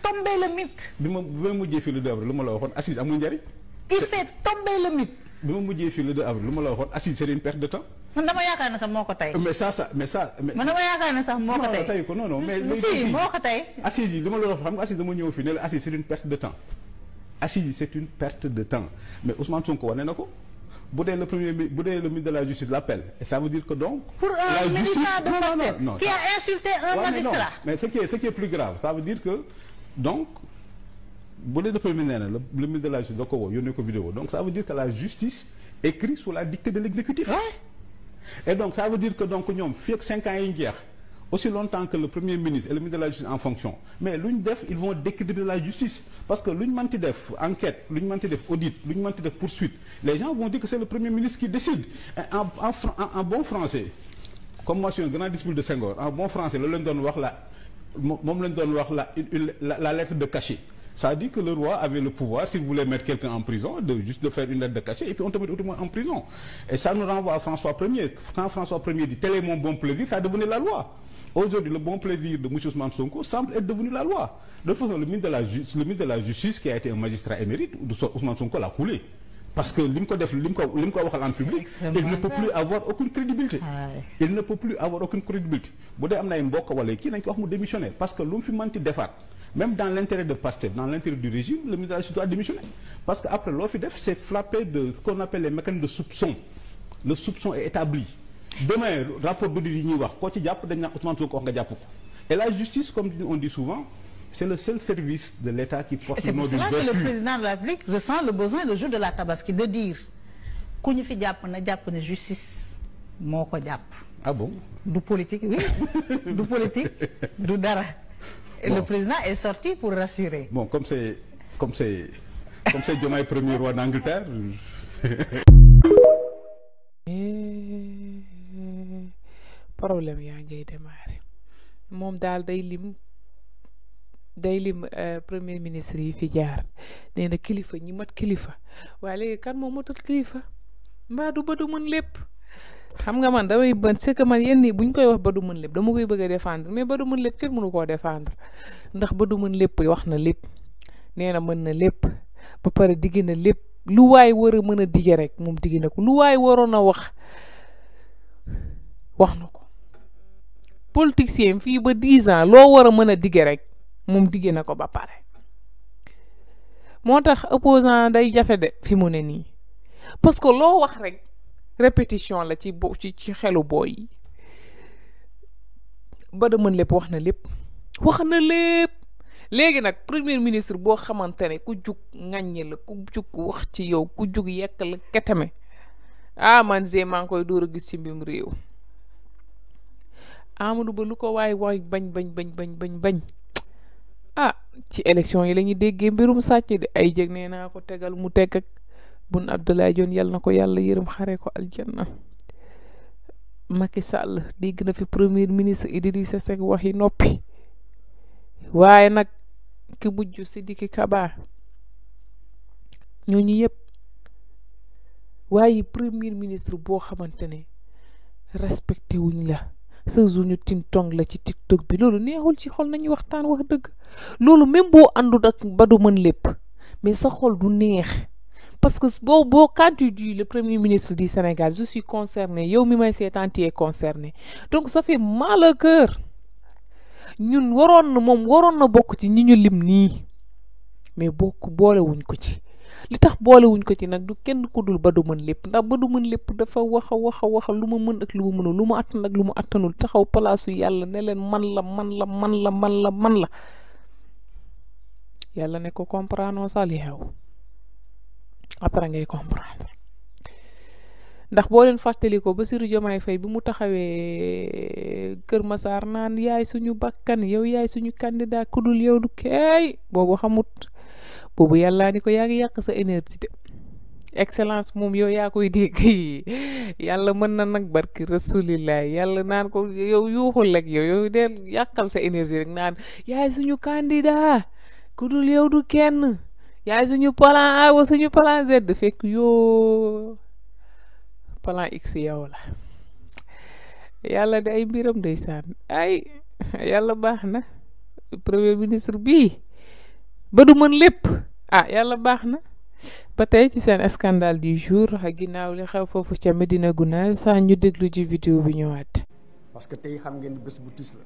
tomber le mythe. Il fait tomber le mythe bi ma mujjee fii le 2 avril lu la waxoon assise c'est une perte de temps. man dama yaakaar ne sax moo ko tey. mais ça ça mais ça. mais dama yaakaar ne sax moo ko tey non ko non non. mais si moo ko tey. assise yi li ma la wax xam nga assise dama ñëw fii ne la assise c'est une perte de temps assise c'est une perte de temps mais Ousmane Sonko wane na ko. bu dee le premier mi bu le ministre de la justice de l'appel. et ça veut dire que donc. pour un militant de Pastef qui a insulté un magistrat. mais ce qui est ce qui est plus grave ça veut dire que donc de le de la justice donc ça veut dire que la justice écrit sur sous la dictée de l'exécutif et donc ça veut dire que donc ñoom 5 ak cinq ans une guerre aussi longtemps que le premier ministre et le ministre de la justice en fonction mais l'une ils vont de la justice parce que l'une ñu enquête l'une audit l'une poursuite les gens vont dire que c'est le premier ministre qui décide en en, bon français comme moi je suis un grand disciple de Senghor en bon français le lendemain noir la la la lettre de cachet ça dit que le roi avait le pouvoir, s'il voulait mettre quelqu'un en prison, de, juste de faire une lettre de cachet, et puis on te met autrement en prison. Et ça nous renvoie à François Ier. Quand François Ier dit « tel est mon bon plaisir », ça a devenu la loi. Aujourd'hui, le bon plaisir de M. Ousmane Sonko semble être devenu la loi. De toute façon, le ministre de la, Justice, qui a été un magistrat émérite, Ousmane Sonko l'a coulé. Parce que en public, ah il ne peut plus avoir aucune crédibilité. Il ne peut plus avoir aucune crédibilité. Parce que l'homme fut menti de même dans l'intérêt de Pasteur, dans l'intérêt du régime, le ministre de la doit démissionner. Parce qu'après l'OFIDEF, c'est frappé de ce qu'on appelle les mécanismes de soupçon. Le soupçon est établi. Demain, le rapport de Et la justice, comme on dit souvent, c'est le seul service de l'État qui porte le nom du C'est pour cela que le président de la République ressent le besoin le jour de la tabaski de dire qu'on ne fait de justice, mon Ah bon Du politique, oui. du politique, du dara le président est sorti pour rassurer. Bon, comme c'est comme c'est comme c'est le premier roi d'Angleterre. Eh, problème yaa ngay démarré Mon daal day lim day lim euh, premier ministre yi fi jaar nee na kilifa ñi mat kilifa quand léegi kan moo matul kilifa mbaa du ba du mon lépp. xam nga man damay ban c'est man yenn yi bu ñu koy wax ba du mën lépp dama koy bëgg a défendre mais ba du mën lépp kenn mënu koo ndax ba du mën lépp wax na lépp nee na mën na lépp ba pare digg na lépp lu waay war a mën a digge rek moom digg na ko lu waay waroon a wax wax na ko politicien fii ba dix ans loo war a mën a digge rek moom digge na ko ba pare moo tax opposant day jafe de fi mu ne nii parce que loo wax rek répétition la ci ci ci xelu boy ba da mën lepp wax na lépp wax na lépp léegi nag premier ministre bo xamantene ku juk ngagne la ku juk wax ci yow ku juk yek la ketame ah man zé man koy dóor a gis ci mbim réew Amadou Ba lu ko way waay bañ bañ bañ bañ bañ bañ ah ci élection yi lañu déggé mbirum sàcc de ay jégné na ko tegal mu tégg ak bun Abdullah Dione yal na ko yàlla yërëm xare ko aljanna Macky Sall na fi premier ministre Idrissa Seck waxi noppi waaye nag ki mujj Sidiki Kaba ñooñu yëpp waaye premier ministre boo xamante ne respecté wuñ la sa suñu tintong la ci tiktok bi loolu neexul ci xol nañu waxtaan wax dëgg loolu même boo àndul mën mais sa xol du neex parce que boo boo quand tu le premier ministre di Sénégal je suis concerné yow mi may seetaan tu es concerné donc ça fait mal au ñun waroon na moom waroon na bokk ci ñi ñu lim nii mais bokk boolewuñ ko ci li tax boolewuñ ko ci nag du kenn ku dul ba du mën lépp ndax ba du mën lépp dafa wax a wax lu ma mën ak lu ma mënul lu ma attan lu ma attanul taxaw palaasu yàlla ne leen man la man la man la man la man la yàlla ne ko comprendre sa li xew après ngay comprendre ndax boo ko ba Bassirou jomay fay bi mu taxawé eh, keur Massar nan yaay suñu bakkan yow yaay suñu candidat kudul yow du kay bobu xamut bobu yalla ni ko yaagi yak sa énergie excellence mom yow ya koy deg (laughs) Yalla mën na nak barki rasulillah yalla nan ko yow yuuxul lek yow yow deel yakal sa énergie rek nan yaay suñu candidat kudul yow du kenn yaay ah, suñu plan A wa suñu plan Z fekk yoo plan X yow la yàlla de ay mbiram ndeysaan ay yàlla baax na premier ministre bii ba du mën lépp ah yàlla baax na ba tey ci seen scandale du jour ginnaaw li xew foofu ca Medina Gounass sax ñu déglu ci vidéo bi ñëwaat. parce que tey xam ngeen bés bu tiis la.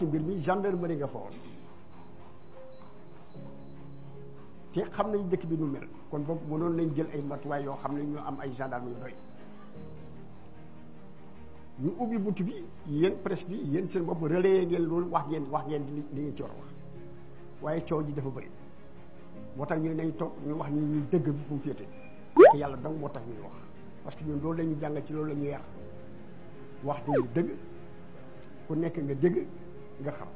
ci mbir mi gendarmerie nga fa woon te xam nañ dëkk bi nu mel kon boobu mënoon nañ jël ay matuwaay yoo xam ne ñoo am ay gendarme yu doy ñu ubbi bunt bi yéen presse bi yéen seen bopp relayé ngeen loolu wax ngeen wax ngeen li ngeen ci war waaye coow ji dafa bëri moo tax ñu nañ toog ñu wax ñu ñuy dëgg fu mu féete te yàlla dong moo tax ñuy wax parce que ñun loolu lañu jàngal ci loolu la ñu yar wax dañuy dëgg ku nekk nga dëgg nga xam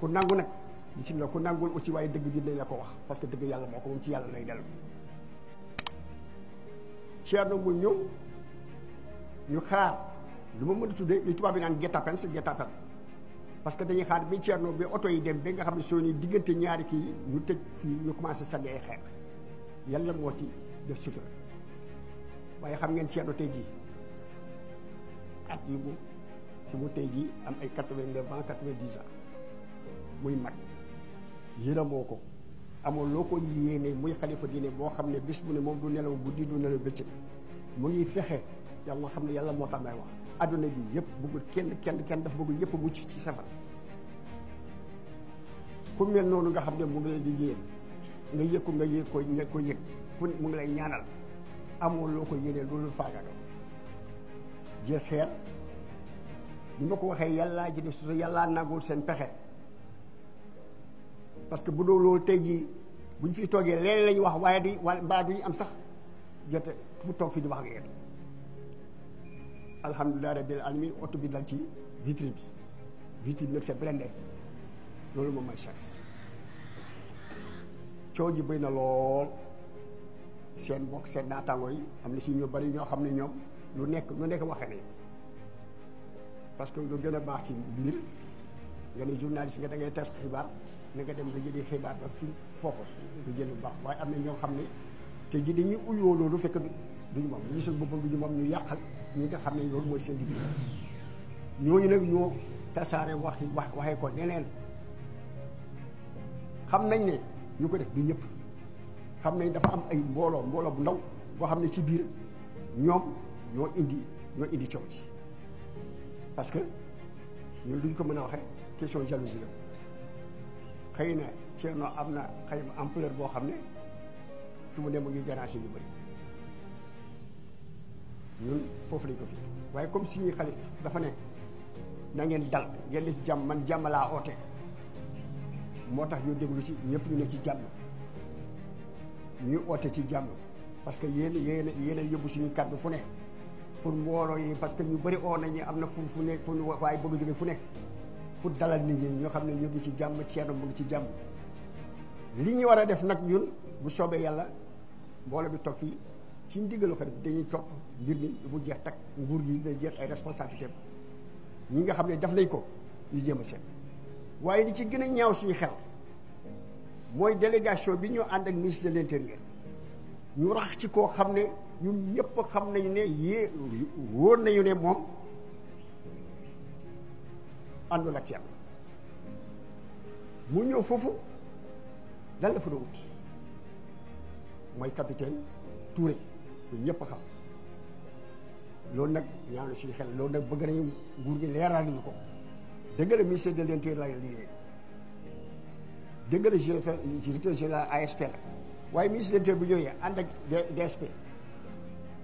ku nangu nag si bisimilah ku nangul aussi waaye dëgg bi dañ la ko wax parce que dëgg yàlla moo ko moom ci yàlla lay dellu Thierno mu ñëw ñu xaar lu ma mën a tuddee lu tubaab bi naan guet-apens si guet-apens parce que dañuy xaar bi Thierno bi oto yi dem ba nga xam ne soo ni diggante ñaari kii ñu tëj fii ñu commencé sànni ay xeer yàlla moo ci def sutura waaye xam ngeen Thierno tey jii at fi mu tey jii am ay quatre-vingt-neuf ans quatre-vingt-dix ans muy mag yërëmoo ko amoon loo ko yéene muy xalifa diine boo xam ne bis bu ne moom du nelaw guddi du nelaw bëccëg mu ngi fexe yàlla xam ne yàlla moo tax may wax adduna bi yëpp bëggul kenn kenn kenn dafa bëggul yëpp mucc ci ci safara ku mel noonu nga xam ne mu ngi lay liggéeyal nga yëg ko nga yëg ko nga ko yëg fu mu ngi lay ñaanal amoo loo ko yéene loolu faagagal jël xeer bi ma ko waxee yàllaa ji def su yàllaa nagul seen pexe parce que bu doo loolu tey jii bu ñu fi toogee leen lañu wax waaye duñ wala mbaa ñu am sax jote fu toog fi di wax ak yéen alhamdulilah rabbil mi oto bi dal ci vitre bi vitre bi nag c'est blindé loolu moom mooy chance coow ji bëy na lool seen bokk seen naataango yi am na si ñu bari ñoo xam ne ñoom lu nekk lu nekk waxee nañ parce que lu gën a baax ci mbir nga ne journaliste nga da ngay tas xibaar na nga dem nga jëlee xibaar ba fii foofa nga jël lu baax waaye am na ñoo xam ne te ji dañuy uyoo loolu fekk duñu moom ñu seen boppam duñu moom ñu yàqal ñi nga xam ne loolu mooy seen liggéey ñooñu nag ñoo tasaare wax wax waxee ko neneen xam nañ ne ñu ko def du ñëpp xam nañ dafa am ay mbooloo mbooloo bu ndaw boo xam ne ci biir ñoom ñoo indi ñoo indi coow ci parce que ñun duñ ko mën a waxee question jalousie la xëy na Thierno am na xëy na ampleur boo xam ne fi mu ne mu ngi déranger ñu bëri ñun foofu lañ ko fi waaye comme suñuy xalif dafa ne nangeen ngeen dal ngeen di jàmm man jàmm laa oote moo tax ñu déglu ci ñëpp ñu ne ci jàmm ñu oote ci jàmm parce que yéen yéen yéen a yóbbu suñu kàddu fu ne. pour mbooloo yi parce que ñu bari oo nañu am na fu fu ne fu waaye fu ne pour dalal nit ñi ñoo xam ne ñu ngi ci jàmm Thierno mu ngi ci jàmm li ñu war a def nag ñun bu soobee yàlla mbooloo bi toog fii ci ndigalu xarit dañuy topp mbir mi bu jeex takk nguur gi day jeex ay responsabilité ñi nga xam ne daf nañ ko ñu jéem a seet waaye li ci gën a ñaaw suñu xew mooy délégation bi ñu ànd ak ministre de l'intérieur ñu rax ci koo xam ne ñu ñëpp xam nañu ne yée wóor nañu ne moom àndul ak yàlla mu ñëw foofu lan la fa doon wut mooy capitaine Touré ñun ñëpp xam loolu nag ñaanu suñu xel loolu nag bëgg nañu nguur gi leeral ñu ko dëgg la ministère de l'intérieur la liggéey dëgg la directeur général ASP waaye ministre de l'intérieur bu ñëwee ànd ak DSP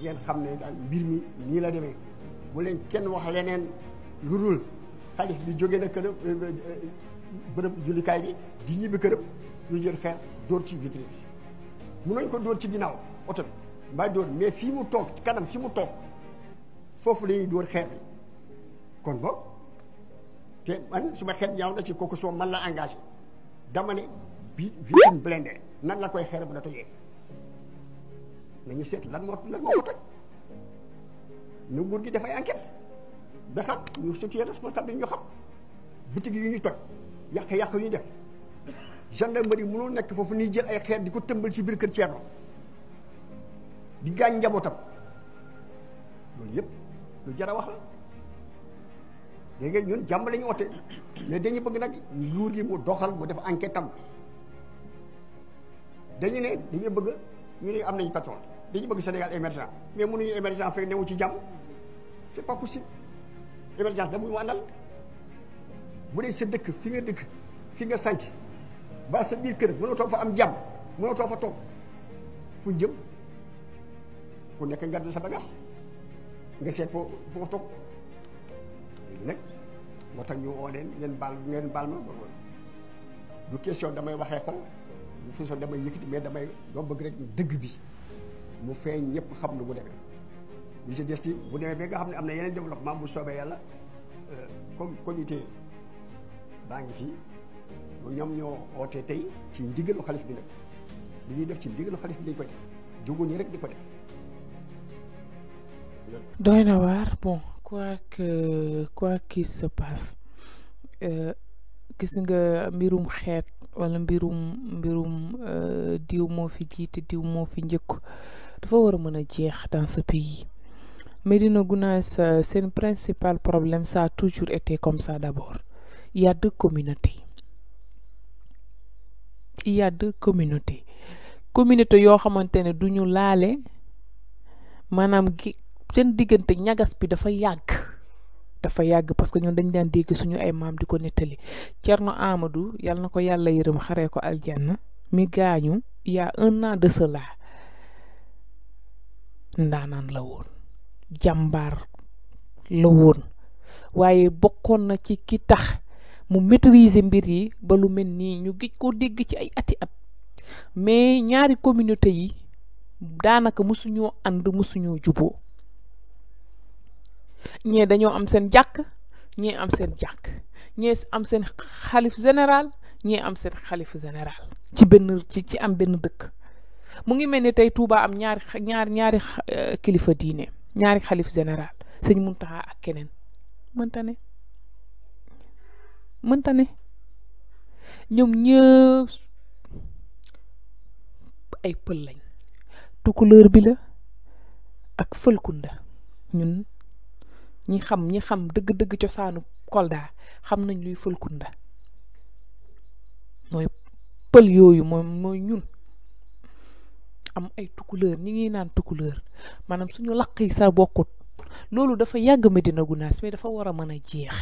ngeen xam ne daal mbir mi nii la demee bu leen kenn wax leneen lu dul xalif bi jóge na këram euh, euh, euh, bërëb jullikaay bi di ñibbi këram ñu jël fer dóor ci vitre bi mënuñ ko dóor ci ginnaaw oto bi mbaa dóor mais fii mu toog ci kanam fi mu toog foofu la ñuy dóor xeer bi kon boog te man su ma xeet ñaaw na ci kooku soo man la engage dama ne bi vitre blindé nan la koy xeer bu la tojee nañu seet lan moo lan moo toj ñu nguur gi dafay enquête ba xam ñu situé responsable ñu xam bitig yu ñu toj yàq-yàq yu ñu def gendarmerie mënul nekk foofu ñuy jël ay xeer di ko tëmbal ci biir kër Thierno di gaañ njabootam loolu yëpp lu jar a wax la dégg nga ñun jàmm lañu oote mais dañu bëgg nag nguur gi mu doxal mu def enquête am dañu ne dañu bëgg. ñu ne am nañ pétrole dañu bëgg Sénégal émergent mais mënuñu émergent fekk newu ci jàmm c'est pas possible émergence da mu àndal bu dee sa dëkk fi nga dëkk fi nga sànc ba sa biir kër mënatoo fa am jàmm mënatoo fa toog fu jëm ku nekk nga gàddu sa bagage nga seet foo foo toog léegi nag moo tax ñu oo leen ngeen baal ngeen baal ma du question damay waxee xol bu fi sol damay yëkkati mais damay doo bëgg rek dëgg bi mu feeñ ñëpp xam lu mu demee li si des bu demee ba xam ne am na yeneen développement bu soobee yàlla euh, comme comité baa ngi fi ñoom ñoo ootee tey ci ndigalu xalif bi nag li ñuy def ci ndigalu xalif bi lañ koy def juguñu rek di ko def. doy na waar bon quoi que quoi qu'il se passe euh, gis nga mbirum xeet. wala mbirum mbirum euh, diw mo fi jiite diw mo fi njëkk dafa wara a jeex dans ce pays medina c'est euh, sen principal problème ça a toujours été comme ça d'abord il y a deux communautés il y a deux communautés communauté yo xamantene duñu du Manam, sen maanaam ñagas bi dafa yagg dafa yàgg parce que ñun dañ dan dégg suñu ay mam di netali nettali Amadou yal nako yalla yàlla yërëm ko aljanna mi gañu ya un an de cela ndanan la woon jambar la woon waye bokkon na ci ki tax mu maîtriser mbir yi ba lu melni ñu gij ko dégg ci ay ati at mais ñaari communauté yi danaka musuñu and musuñu jubo ñee dañoo am seen jàkk ñee am seen jàkk ñee am seen xalif général ñee am seen xalif général ci benn ci am benn dëkk mu ngi mel ni tey tuuba am ñaari ñaari ñaari euh, kilifa diine ñaari xalif général sëñ Muntaxa ak keneen mënta ne mënta ne ñoom ñëpp ay pël lañ tukulóor bi ak fëlkunda ñi xam ñi xam dëgg-dëgg cosaanu Kolda xam nañ luy Fulkunda mooy pël yooyu moom mooy ñun am ay tukkuleer ñi ngi naan tukkuleer maanaam suñu laq yi sa bokkut loolu dafa yàgg Medina Gunaas mais dafa war a mën a jeex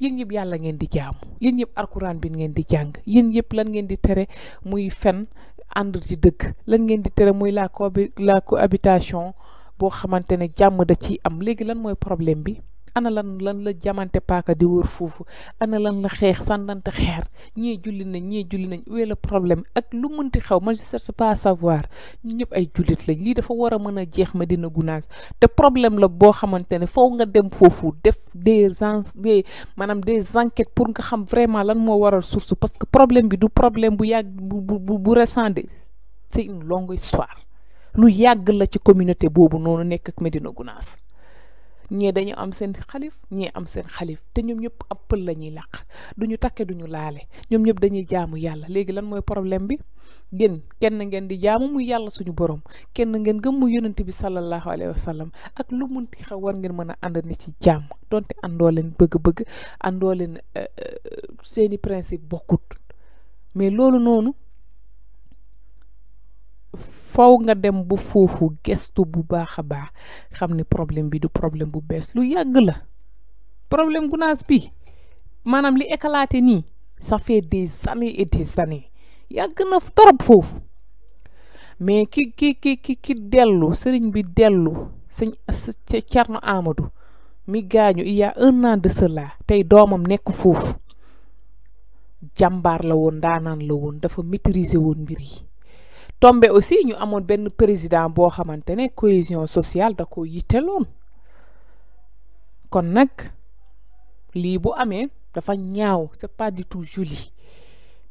yéen yëpp yàlla ngeen di jaamu yéen yëpp alxuraan bi ngeen di jàng yéen yëpp lan ngeen di tere muy fen ànd ci dëgg lan ngeen di tere muy la co la cohabitation boo xamante ne jàmm da ciy am léegi lan mooy problème bi ana lan lan la jamante paaka di wër foofu ana lan la xeex sànnante xeer ñii julli nañ ñii julli nañ où est problème ak lu mënti xew man je cherche pas à savoir ñu ñëpp ay jullit lañ lii dafa war a mën a jeex ma Médina Gounass te problème la boo xamante ne foo nga dem foofu def des en des maanaam des enquêtes pour nga xam vraiment lan moo waral source parce que problème bi du problème bu yàgg bu bu bu récent c'est une longue lu yàgg la ci communauté boobu noonu nekk ak Médina Gounass ñee dañu am seen xalif ñee am seen xalif te ñoom ñëpp ab pël la ñuy làq duñu takke duñu laale ñoom ñëpp dañuy jaamu yàlla léegi lan mooy problème bi gën kenn ngeen di jaamu muy yàlla suñu borom kenn ngeen gëm mu yonent bi sallallahu alayhi wa sallam ak lu munti xew war ngeen mën a ànd ni ci jàmm donte àndoo leen bëgg-bëgg àndoo leen euh, euh, seeni principe bokkut mais loolu noonu faw nga dem ba foofu gestu bu baax a baax xam ni problème bi du problème bu bees lu yàgg la problème gunaas bi maanaam li éclaté nii ça fait des années et des années yàgg na torop foofu mais ki ki ki ki dellu sëriñ bi dellu sëñ Cerno Amadou mi gaañu il y a un tey doomam nekk foofu jàmbaar la woon ndaanaan la woon dafa maîtriser woon mbir yi tombé aussi ñu amone ben président bo xamantene cohésion sociale da ko yitteloon kon nak li bu amee dafa ñaaw c'est pas du tout joli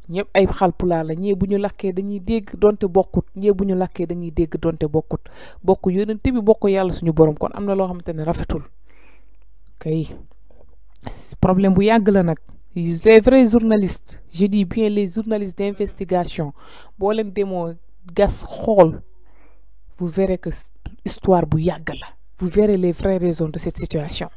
ñepp ay xalpulaar la ñee buñu laké dañuy dégg donte bokkut ñee buñu laké dañuy dégg donte bokkut bokku yonent bi bokku yalla suñu borom kon amna lo xamantene rafetul kay problème bu yag la nag les vrais journalistes je dis bien les journalistes d'investigation bo leen démo gas vous verrez que histoire bu yàgg vous verrez les vraies raisons de cette situation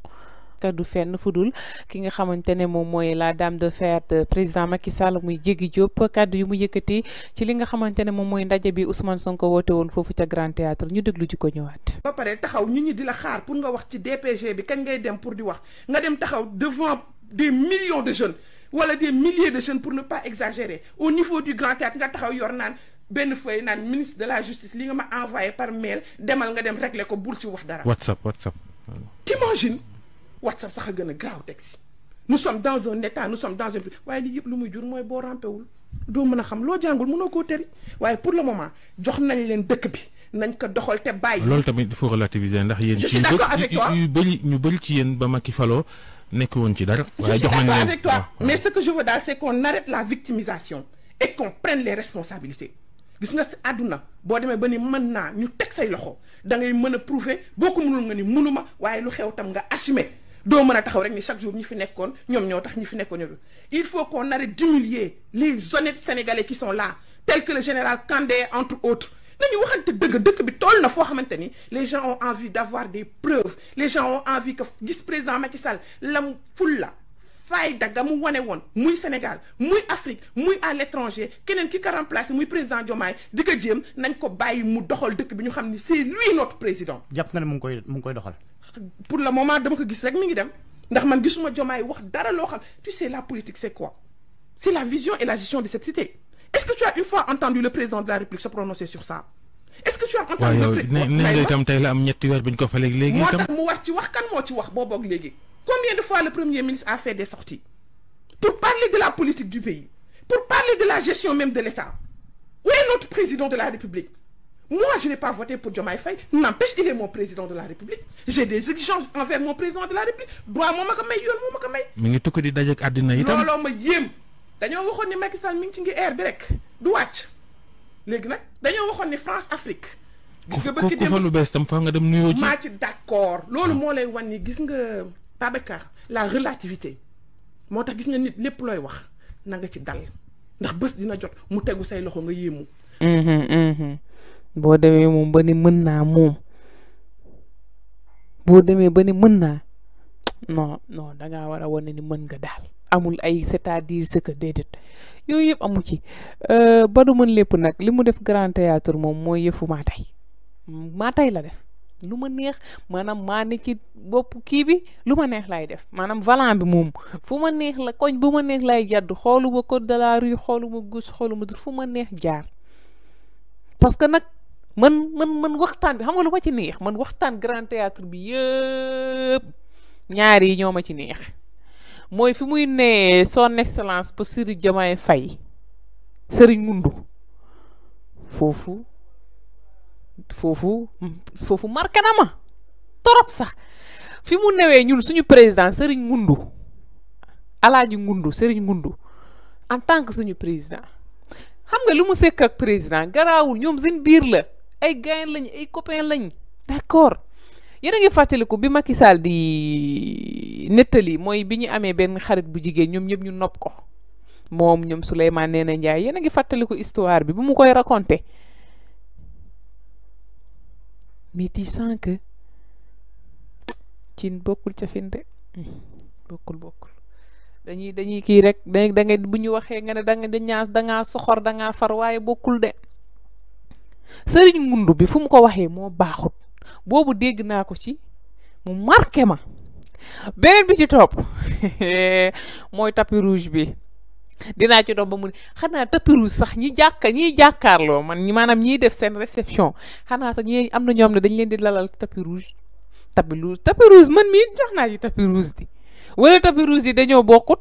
ka du fenn fudul ki nga xamante ne moom la dame de fer de président Macky Sall muy Diégui Diop kàddu yu mu yëkkati ci li nga xamante ne moom ndaje bi Ousmane Sonko woote woon foofu ca Grand Théâtre ñu de ji ko ñëwaat. ba pare taxaw ñi la xaar pour nga wax ci DPG bi kañ ngay dem pour di wax nga dem devant des millions de jeunes wala des milliers de jeunes pour ne pas exagérer au niveau du Grand Théâtre nga taxaw yor ben fay naan ministre de la justice li nga ma envoyé par mail demal nga dem régler ko bour ci wax dara. whatsapp whatsapp. t'imagines whatsapp sax gëna gën taxi nous sommes dans un état nous sommes dans un waye lii yëpp lu muy jur moy bo rampewul doo mën a xam lo jangul mëno ko téri waye pour le moment jox nañ leen dëkk bi nañ ko doxal té baye loolu tamit il faut relativiser ndax yéen. ci suis d'accord yu bëri ñu bëri ci yéen ba Macky Fallo nekk woon ci dara. waye jox nañ leen mais ce que je veux daal c'est qu'on arrête la victimisation et qu'on prenne les responsabilités gis nga aduna bo boo demee ba ni mën naa ñu tek say loxo da ngay mëna prouver boo mënul nga ni mënuma waye lu xew tam nga assumer do mëna taxaw rek ni chaque jour ñi fi nekkoon ñom ñoo tax ñi fi nekkoon ñoom il faut qu'on arrête d'humilier les honnêtes sénégalais qui sont là tels que le général Kandé entre autres nañu waxante dëgg dëkk bi tool na foo xamante les gens ont envie d'avoir des preuves les gens ont envie que gis président Macky Sall lam ful la fait dagamou wane muy Sénégal muy Afrique muy à l'étranger qui ki ka remplacer muy président Diomaye di ko jéem nañ ko bàyyi mu doxal deuk bi c'est lui notre président. jàpp na mu ngi doxal. pour le moment dama ko gis rek mi ngi dem ndax man gisuma Diomaye wax dara xam tu sais la politique c'est quoi c'est la vision et la gestion de cette cité est-ce que tu as une fois entendu le président de la République se prononcer sur ça est-ce que tu as entendu waaw yow nee nga itam la am ñetti weer bi ko wax ci wax kan ci wax combien de fois le premier ministre a fait des sorties pour parler de la politique du pays pour parler de la gestion même de l'État où est notre président de la République moi je n'ai pas voté pour Diomaye Faye n'empêche il est mon président de la République j'ai des exigences envers mon président de la République droit moo ma ko may yoon moo ma ko may mi ngi tukki di dajeek àddina itam looloo ma yéem dañoo waxoon ni Macky Sall mi ngi ci ngi air bi rek du wàcc légui nag dañoo waxoon ni France Afrique. gis nga bëkk dem lu bees tam fa nga dem nuyo ci. maa ci d' accord loolu ah. moo lay wan ni gis nga Babacar la relativité motax gis nga nit lepp loy wax na nga ci dal ndax bëss dina jot mu tegu say loxo nga hmm mhm. bo démé mom ba ni mën naa bo boo demee ba ni mën na (tsk) non non da nga wara a ni mën nga dal amul ay seta à dire ce que déedéet yooyu yëpp amu ci euh, ba du mën lépp nag li mu def grand théâtre moom mooy yëfu maatay maatay la def lu ma neex maanaam maa ne ci bopp kii bi lu ma neex laay def maanaam valant bi moom fu ma neex la koñ bu ma neex laay jàdd xooluma code de la rue xooluma gauche xooluma droite fu ma neex jaar parce que nag man man man waxtaan bi xam nga lu ma ci neex man waxtaan grand théâtre bi yëpp ñaar yi ñoo ma ci neex mooy fi muy nee son excellence ba Sëriñ Diomaye Faye Sëriñ Ngundu foofu foofu foofu marqué na ma torop sax fi mu newee ñun suñu président Sëriñ Ngundu Alaaji Ngundu Sëriñ Ngundu en tant que suñu président xam nga li mu sekk ak président garaawul ñoom seen biir la ay gayen lañ ay copain lañ d'accord yéen a ngi bima bi Macky Sall di nettali mooy bi ñu amee benn xarit bu jigéen ñoom ñëpp ñu nopp ko moom ñoom Souleymane Ndéné Ndiaye yéen ngi fàttaliku histoire bi bu mu koy raconté mais tu sens que cin bokkul kirek, fin de dañuy dañuy rek da ngay bu ñu waxee nga ne da nga dañaa da ngaa soxor da ngaa far waaye bokkul de sëriñ mundu bi fu mu ko boobu dégg naa ko ci mu marqué ma beneen bi ci topp (laughs) mooy tapis rouge bi dinaa ci dox ba mu ne xanaa tapis rouge sax ñi jàkka ñiy jàkkaarloo man maanaam ñiy def seen réception xanaa sax ñi am na ñoo ñoom ne dañ leen di lalal tapis rouge tapis rouge man mii jox naa ci tapis rouge di wala tapis rouge yi dañoo bokkut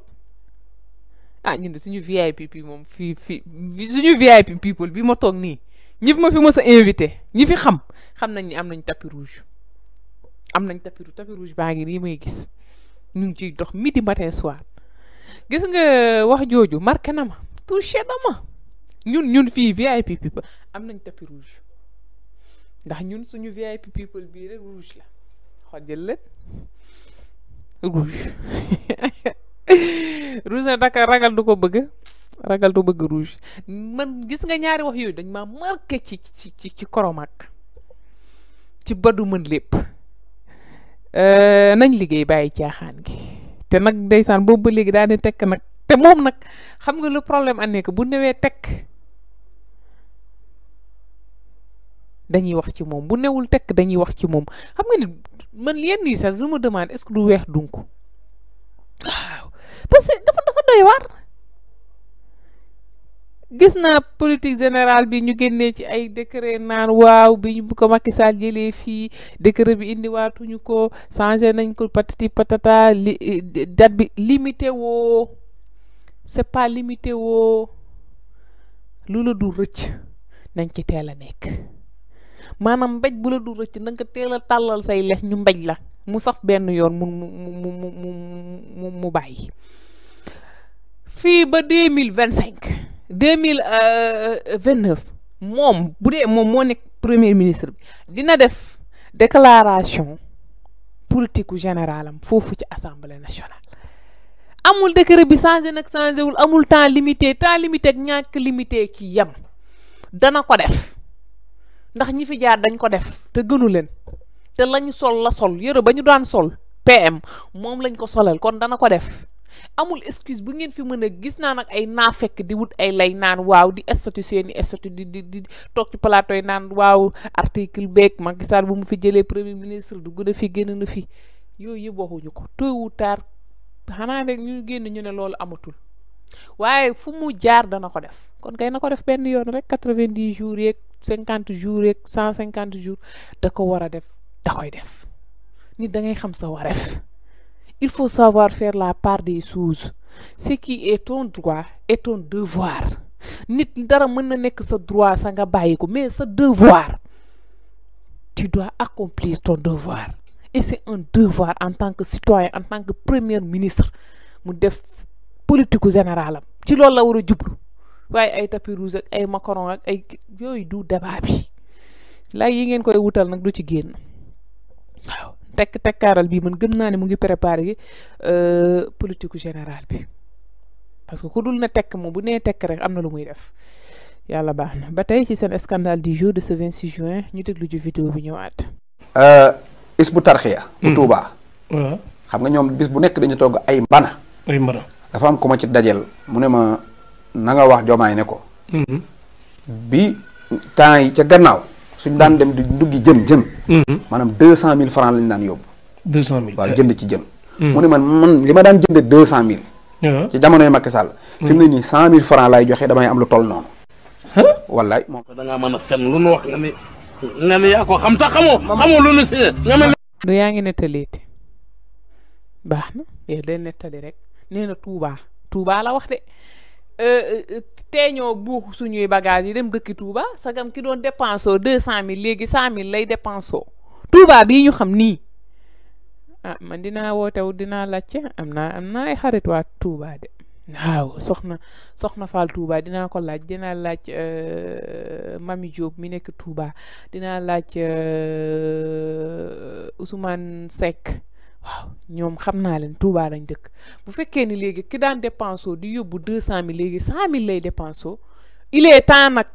ah ñun de suñu VIP bi moom fii fii suñu VIP people bi ma toog nii ñi fi ma fi mës invité ñi fi xam xam nañ ni am nañ tapis rouge am nañ tapis rouge tapis baa ngi nii may gis ñu ngi ciy dox midi matin soir gis nga euh, wax jooju marke na ma touché na ñun ñun fii VIP people am nañ tapis rouge ndax ñun suñu VIP people bii rek rouge la xojal leen rouge (laughs) rouge na Dakar ragal du ko bëgg ragal du bëgg rouge man gis nga ñaari wax yooyu dañ ma marqué ci ci ci ci koromak ci badu mën lépp euh, nañ liggéey bàyyi caaxaan gi te nag ndeysaan boobu ba léegi daa ne tekk nag te moom nag xam nga lu problème am nekk bu newee tekk dañuy wax ci moom bu newul tekk dañuy wax ci moom xam nga nit man yenn yi sax je me demande est-ce que du weex dunk waaw dafa dafa doy waar gis naa politique général bi ñu génnee ci ay décret naan waaw bi ñu ko Macky Sall fii décret bi indiwaatuñu ko changé nañ ko patati patata li date bi limité woo c'est pas limité woo lu la du rëcc nañ ci teel a nekk maanaam mbéj bu la du rëcc na nga teel a tàllal say lex ñu mbéj la mu saf benn yoon mu mu mu mu mu mu bàyyi fii ba deux mille vingt cinq deux mille euh, vingt neuf moom bu dee moom moo nekk premier ministre bi dina def déclaration politique générale am foofu ci assemblée national amul décret bi changé nag changé wul amul temps limité temps limité ñàkk limité ci yem dana ko def ndax ñi fi jaar dañ ko def te gënu leen te lañ sol la sol yëre ba ñu daan sol PM moom lañ ko solal kon dana ko def. amul excuse bu ngeen fi meuna gis na nak ay naa di wut ay lay nan waw di statut seeni di di di tok ci plateau yi naan waaw article bek Macky Sall bu mu fi jëlee premier ministre du guna fi genn na fi yoy yeb waxu ñuko tôt ou tard rek ñu genn ñu ne loolu amatul waye fu mu jaar dana ko def kon kay nako def ben yoon rek 90 jours rek 50 jours rek 150 jours da ko wara def da koy def nit da ngay xam sa waref il faut savoir faire la part des choses ce qui est ton droit est ton devoir nit dara pas que sa droit sa nga bayiko mais sa devoir tu dois accomplir ton devoir et c'est un devoir en tant que citoyen en tant que premier ministre mu def politique général. Tu ci loolu la Tu djublu. Way ay tapis rouge ak ay macaron ak ay yoy du débat bi lay yi ngeen koy du ci tekk tekkaaral bii mën gën naa ne mu ngi préparé euh, politique général bi parce que ku dul na tekk moom bu nee tekk rek am na lu muy def yàlla baax na ba tey ci seen scandale du jour de ce 26 juin ñu déglu ci vidéo bi ñëwaat. Euh, is bu tarxiya hmm. bu Touba. xam nga ñoom bis bu nekk dañu togg ay mbana. ay mbana dafa am ku ma ci dajel mu ne ma nanga wax jomaay ne ko. Hmm. bi temps yi ca gannaaw. suñ daan dem di nduggi jën jën. Mm-hmm. maanaam deux cent mille franc lañ daan yóbbu. deux cent mille waaw jënd ci jën. Mm-hmm. mu ne man man li ma daan jëndee deux cent mille. ci jamonoy Macky Sall. fi mu ne nii cent mille franc laay joxe damay am lu toll noonu. wallaay moom. da ngaa mën a fen lu nu wax nga ni nga ko xam tax xamoo xamoo lu nu si du yaa ngi nettaliiti baax na yéen day rek nee na Touba Touba la wax de. Euh, euh, teeñoo buux suñuy bagages yi dem dëkki Touba sagam ki doon dépensoo deux cent mille léegi cent mille lay dépensoo Touba bii ñu xam nii ah man dina wootew dinaa laajte am na am na ay xarit waa Touba de waaw soxna soxna Fall Touba dinaa ko laaj dinaa laaj euh, Mami Diop mi nekk Touba dina laaj Ousmane Seck waaw ñoom xam naa leen Touba lañ dëkk bu fekkee ni léegi ki daan dépensé di yóbbu deux cent mille léegi cent mille lay dépensé il est temps nag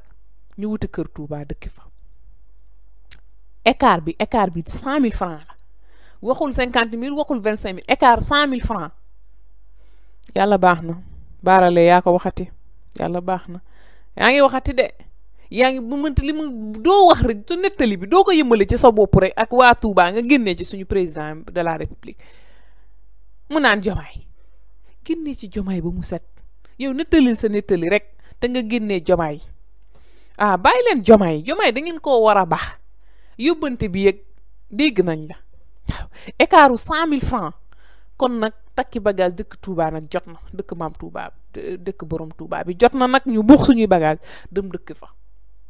ñu wuti kër Touba dëkk fa écart bi écart bi cent mille franc la waxul cinquante mille waxul vint cinq mille écart cent mille franc yàlla baax na baarale yaa ko waxati yàlla baax na yaa ngi waxati de yang bu meunt li do wax rek to netali bi do ko yemele ci sa bop rek ak wa Touba nga genné ci suñu président de la république mu nan jomay genné ci jomay bu mu set yow nettalil sa netali rek te nga genné jomay ah bay len jomay jomay da ngeen ko wara bax yobante bi yëg deg nañ la waaw écartu cent francs kon nak takki bagage dëkk Touba nak jotna na mam Touba dëkk borom Touba bi jotna na ñu bux suñu bagage dem dëkk fa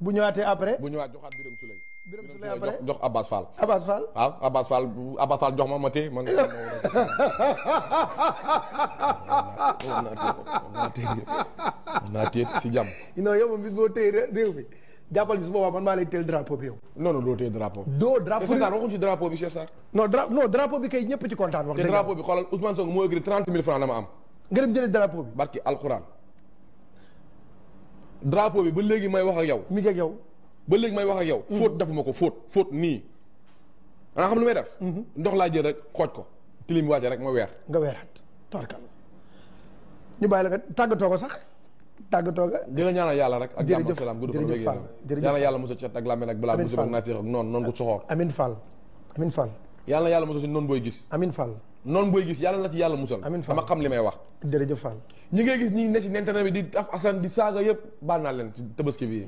bu ñëwaatee après. bu ñëwaat joxaat Birame Souleye. Birame Souleye après jox jox Abbas Fall. Abbas Fall waaw Abbas Fall jox ma ma téye man. naa téye si jàmm. non yow moom bis boo téye réew mi jàppal bis boobaa man maa lay bi yow. non non doo téye drapeau bi. doo drapeau bi bi Cheikh Sarr. non dra te drapeau bi xoolal Ousmane drapeau bi. barki alxuraan. drapeau bi ba léegi may wax ak yow. mi ngi ak yow. ba léegi may wax ak yow. Mm-hmm. fóot defuma ko fóot fóot nii. maanaam xam lu may def. Mm-hmm. ndox laa jël rek xooj ko. tilim waaj rek ma weer. nga weeraat torkal ñu bàyyi la nga tàggatoo ko sax. tàggatoo nga. di la yàlla rek. ak jàmm ak salaam yàlla yàlla mos a cet ak làmmiñ ak balaa mos a. amiin Fall ak naaj ak noonu noonu ko soxor. amiin Fall yàlla na yàlla musal si noonu booy gis amin Fall noonu booy gis yàlla na ci yàlla musal amin Fall dama xam li may wax jërëjëf Fall ñi ngay gis ñi ne ci internet bi di af asan di saaga yëpp baal naa leen ci tabaski bi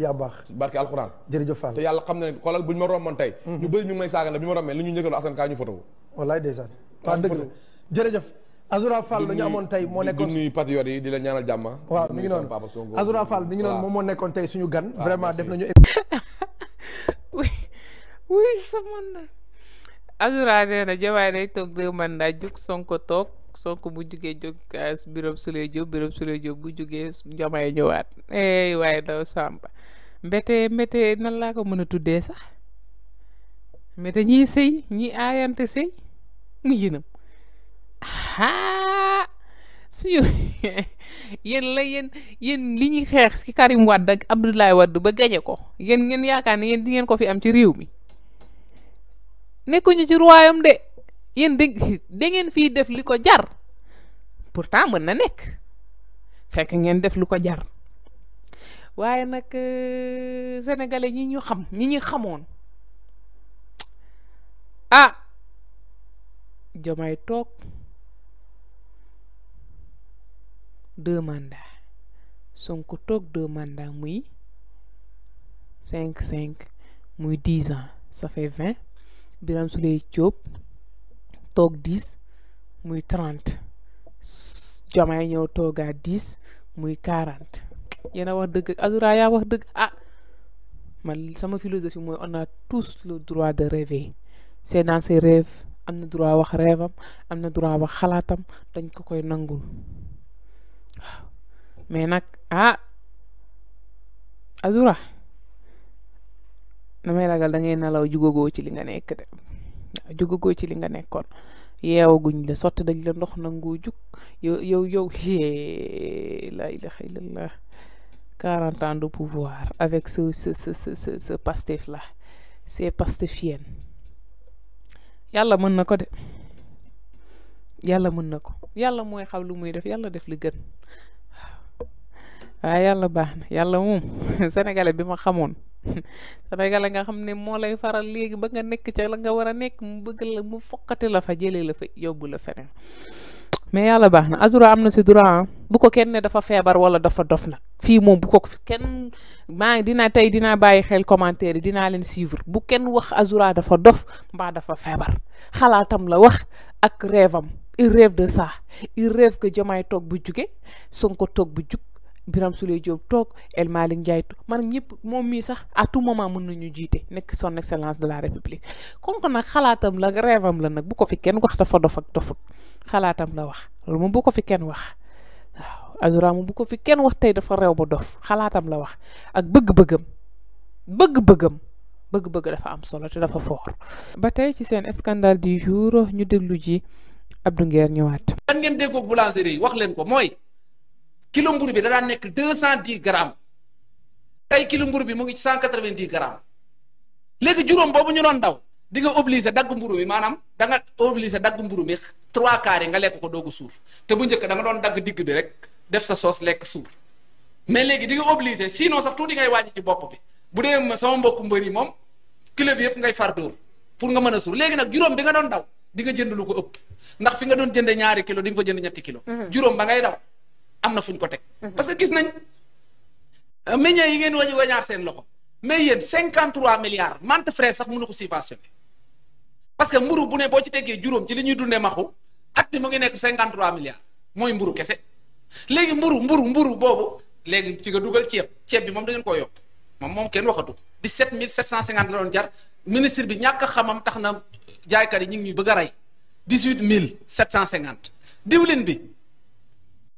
barke alxuraan jërëjëf Fall te yàlla xam na ne xoolal bu ñu ma romboon tey mhm. ñu bëri ñu may saaga ndax bi ma rombee li ñu njëkkalu asan kaa ñu photo wallaay ndeysaan waaw dëgg la jërëjëf Azura Fall la amoon tey moo nekkoon di nuyu patriote yi di leen ñaanal jàmm waaw mi ngi noonu Azura suñu gan ah, vraiment (laughs) Azoura na Diomaye tok toog man da juk Sonko tok Sonko bu jugee jóg Birame sulay jo Birame sulay jo bu jugee jamay ñewat eh way daw Samba mbete mbete nan la ko meuna tuddé sax mbete ñi sey ñi ayante sey mu yinam ah suñu (laughs) yéen la yen yen liñu xex ci Karim wad ak Abdoulaye wad ba gañé ko yéen ngeen yaaka ne yéen di ngeen ko fi am ci rew mi. nekkuñu ci royaume de yéen da ngeen fii def li ko jar pourtant mën na nekk fekk ngeen def lu ko jar waaye nag euh, sénégalais ñi ñu xam ñi ñu xamoon ah Diomaye toog deux mandats Sonko toog deux mandats muy cinq cinq muy dix ans ça fait Biram Souleye Diop toog 10 muy 30 Diomaye ñëw toogaa 10 muy 40 yéen a wax dëgg Azoura yaa wax dëgg ah man sama philosophie mooy on a tous le droit de rêver c'est dans ses am na droit wax rêve am na droit wax xalaatam dañ ko koy nangul waaw mais nag ah Azoura damay ragal da ngay nelaw jugagoo ci li nga nekk de waaw jugagoo ci li nga nekkoon yeewaguñ la sotti dañ la ndox nangoo jug yow yow yow la ilaha illallah quarante ans de pouvoir avec ce ce ce ce ce pastef là c'est yàlla mën na ko de yàlla mën na ko yàlla mooy xam lu muy def yàlla def li gën yàlla baax na yàlla moom (laughs) sénégalais bi ma xamoon Sénégal (laughs) nga xam ne moo lay faral léegi ba nga nekk ca la nga war a nekk mu bëgg la mu fokkati la fa jëlee la fa yóbbu la feneen mais yàlla baax na Azura am na si droit ah. bu ko kenn ne dafa feebar wala dafa dof nag fii moom bu ko fi kenn maa ngi dina tey dinaa bàyyi xel commentaire yi dinaa leen suivre bu kenn wax Azura dafa dof mbaa dafa feebar xalaatam la wax ak rêve am rêve de ça il rêve que Diomaye toog bu juge Sonko toog bu jug Birame Souleye Diop toog El Malick Ndiaye man ñëpp moom mii sax à tout moment mën nañu jiite nekk soon excellence de la république comme que nag xalaatam la rêvam la nag bu ko fi kenn wax dafa dof ak dofut xalaatam la wax loolu moom bu ko fi kenn wax waaw Adourama bu ko fi kenn wax tey dafa réew ba dof xalaatam la wax ak bëgg-bëggam bëgg-bëggam bëgg-bëgg dafa am solo te dafa foor ba tey ci seen scandale du jour ñu déglu ji Abdou Nguer ñëwaat. lan ngeen déggoog boulangerie wax leen ko mooy. kilo mburu bi da daan nekk deux cent dix kilo mburu bi mo ngi 190 gram legi jurom bobu ñu doon daw di nga obliger dag mburu bi manam da nga obliger dag mburu bi 3 quarts nga lek ko dogu sour te bu ñëk da nga don dag dig bi rek def sa sauce lek sour mais legi di nga obliger sinon sax di ngay wàññi ci bop bi bu dem sama mbokk mbër yi moom kilo bi yëpp ngay far dor pour nga mëna sour legi nak jurom bi nga don daw di nga jënd lu ko ëpp ndax fi nga don jënd ñaari kilo di nga fa jënd ñetti kilo mhm. jurom ba ngay daw am na fu ñu ko teg. Mhm. parce que gis nañ euh, meññee yi ngeen wañu wañaar seen loxo mais yéen 53 milliards mante frais sax mu mënu ko subventionné parce que mburu bu ne boo ci teggee juróom ci li ñuy dundee maxu at bi mu ngi nekk 53 milliards mooy mburu kese léegi mburu mburu mburu boobu léegi ci nga dugal ceeb ceeb bi moom da ngeen koo yokk moom moom kenn waxatu 17 750 la lool jar ministre bi ñàkk xamam tax na jaaykat yi ñu ngi ñuy bëgg a rey 18 750 diwlin bi.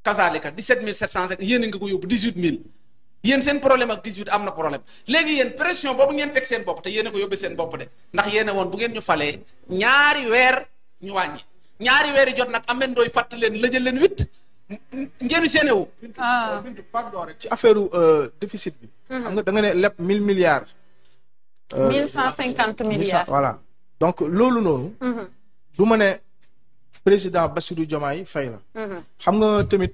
kazaalika 17705 yéen a ngi ko yóbbu 18000 seen problème ak 18 am na léegi yéen pression boobu ngeen teg seen bopp te yéen ko yóbbee seen bopp de ndax yéen woon bu ñu falee ñaari weer ñu wàññi ñaari weer yi jot nag ameen dooy fàtt leen lëjël leen huit ngeen seen wu. ah bintu ci affaire euh, déficit bi. Mhm. xam nga da nga ne leb 1000 milliards. 1150 euh, milliards voilà donc loolu noonu. Mhm. du ma ne. président Bassirou Diomaye fait la. Mhm. xam nga tamit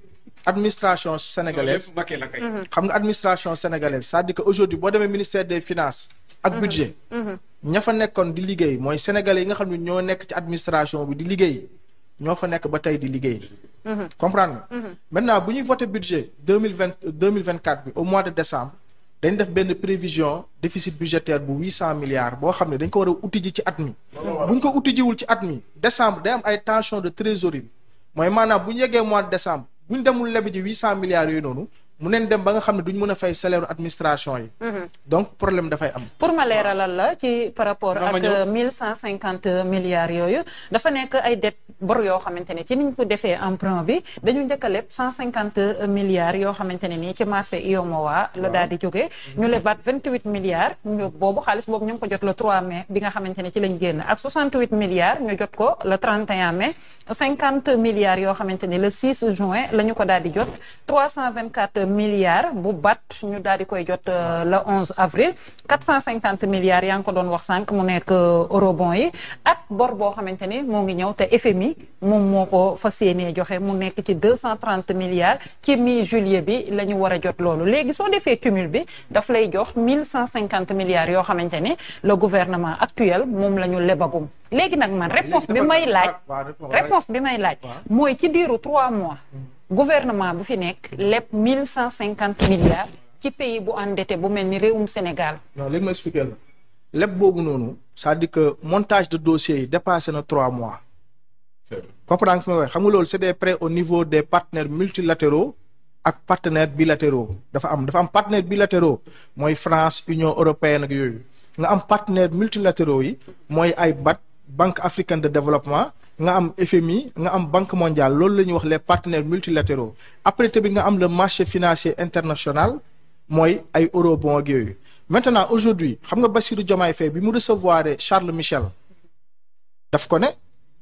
administration sénégalaise. Mhm. xam nga administration sénégalaise ça dit dire que aujourd'hui ministère des finances. un mhm. budget. ña fa fait di liggéey moy sénégalais yi nga xamni ño nekk ci administration bi di liggéey ño fa nekk ba tay di liggéey. comprendre maintenant bu ñuy budget 2024 2024 au mois de décembre. dañ def benn prévision déficit budgétaire bu huit cent milliards boo xam ne dañ ko war a ci at mi bu ko uti jiwul ci at mi décembre day am ay tension de trésorerie bi mooy maanaam bu ñu yeggee mois de décembre bu demul leb ji huit cent milliards yooyu noonu mu neen dem ba nga xam ne duñ mën a fay salaire administration yi. Mhm. donc problème dafay am. pour ma leeralal la ci par rapport ak milliards yooyu. dafa nekk ay dette bor yoo xamante ne ci niñ ko defee emprunt bi dañu njëkk a cent cinquante milliards yoo xamante ne nii ci marché IOMOA la daal di jógee. Mhm. ñu lebaat vingt huit milliards ñu boobu xaalis boobu ñu ngi ko jot la 3 mais bi nga xamante ne ci lañ génn ak soixante huit milliards ñu jot ko le 31 mai cinquante milliards yoo xamante ne le 6 juin la ñu ko daal di jot milliards bu bat ñu daal di koy jot euh, le 11 avril 450 milliards yaa ngi ko doon wax sànq mu nekk euh, eurobond yi ak bor boo xamante ni moo ngi ñëw te FMI moom moo ko fas yéenee joxe mu nekk ci 230 milliards ci mi juillet bi la ñu war a jot loolu léegi soo defee cumul bi daf lay jox 1150 milliards yoo xamante ni le gouvernement actuel moom la ñu lebagum léegi nag man réponse bi may laaj réponse bi may laaj mooy ci diiru 3 mois mm gouvernement bu fi 1150 milliards qui pays bu endetté bu melni Sénégal. non laisse moi expliquer. la lépp bon, c'est-à-dire que montage de dossier dépasse dépassé trois mois. comprendre fi xam nga c'est des prêts au niveau des partenaires multilatéraux ak partenaires bilatéraux dafa am dafa am partenaires bilatéraux moy France Union européenne ak yoyu nga am partenaires multilatéraux yi moy ay BAD Banque africaine de développement nga am FMI nga am banque mondiale loolu la wax les partenaires multilatéraux après tamit nga am le marché financier international mooy ay eurobond ak maintenant aujourd'hui xam nga Bassirou Diomaye Faye bi mu recevoir Charles Michel daf ko ne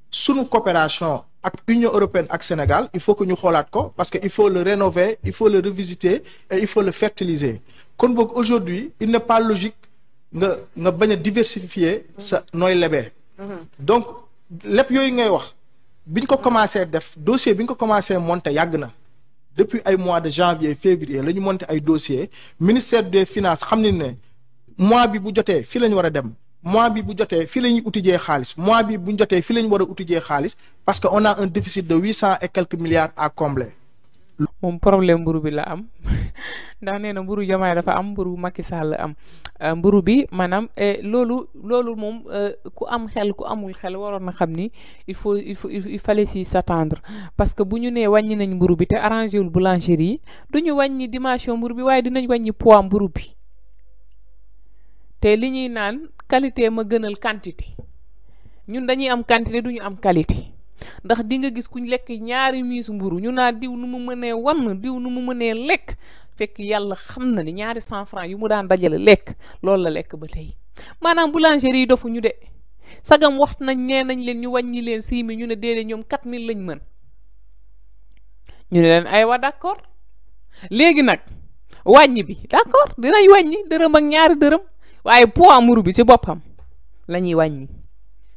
sunu coopération ak Union européenne ak Sénégal il faut que nous xoolaat ko parce qu'il faut le rénover il faut le revisiter et il faut le fertiliser kon aujourd'hui il n'est pas logique nga nga diversifier sa nooy lebee mm-hmm. donc lépp yooyu ngay wax biñ ko commencé def dossier bi ñu ko commencé monter yàgg na depuis ay mois de janvier février la ñu monter ay dossier ministère des finance xam ne ne mois bi bu jotee fii la ñu war a dem mois bi bu jotee fii la ñuy utijee xaalis mois bi bu jotee fii la ñu war a utijee xaalis parce que on a un déficit de huit cent et quelques milliards à combler. moom problème mburu bi la am (laughs) ndax nee na mburu Diomaye dafa am mburu Macky Sall la am. Euh, mburu bi maanaam euh, loolu loolu moom euh, ku am xel ku amul xel waroon na xam ni il faut il faut il fallait s'y s'attendre parce que bu ñu nee wàññi nañ mburu bi te arrangé wul boulangerie yi du ñu wàññi dimension mburu bi waaye dinañ wàññi poids mburu bi te li ñuy naan qualité ma gënal quantité ñun dañuy am quantité du ñu am qualité ndax di nga gis kuñ lekk ñaari miisu mburu ñu naa diw nu mu mënee wann diw nu mu mënee lekk fekk yàlla xam na ni ñaari cent yu mu daan dajale lekk loolu la lekk ba tey maanaam boulangerie yi dofu ñu de sagam wax nañ nee nañ leen ñu wàññi leen six mille ñu ne déedéet ñoom quatre mille lañ mën ñu ne leen ay aywa d'accord léegi nag wàññi bi d'accord dinañ wàññi dërëm ak ñaari dërëm waaye poids muru bi ci boppam la ñuy wàññi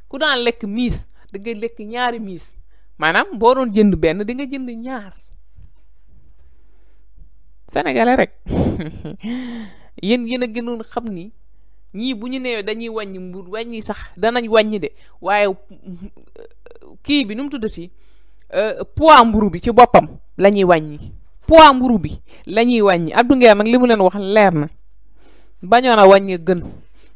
ku daan lekk miis da nga lekk ñaari miis maanaam boo doon jënd benn di nga jënd ñaar sénégalais rek (laughs) yéen yéen a gënoon xam ni ñii bu ñu neewee dañuy wàññi mbur wàññi sax danañ wàññi de waaye kii bi nu mu tuddati euh, poids mburu bi ci boppam la ñuy wàññi poids mburu bi lañuy ñuy wàññi Abdou Nguer nag li mu leen wax leer na bañoon a wàññi gën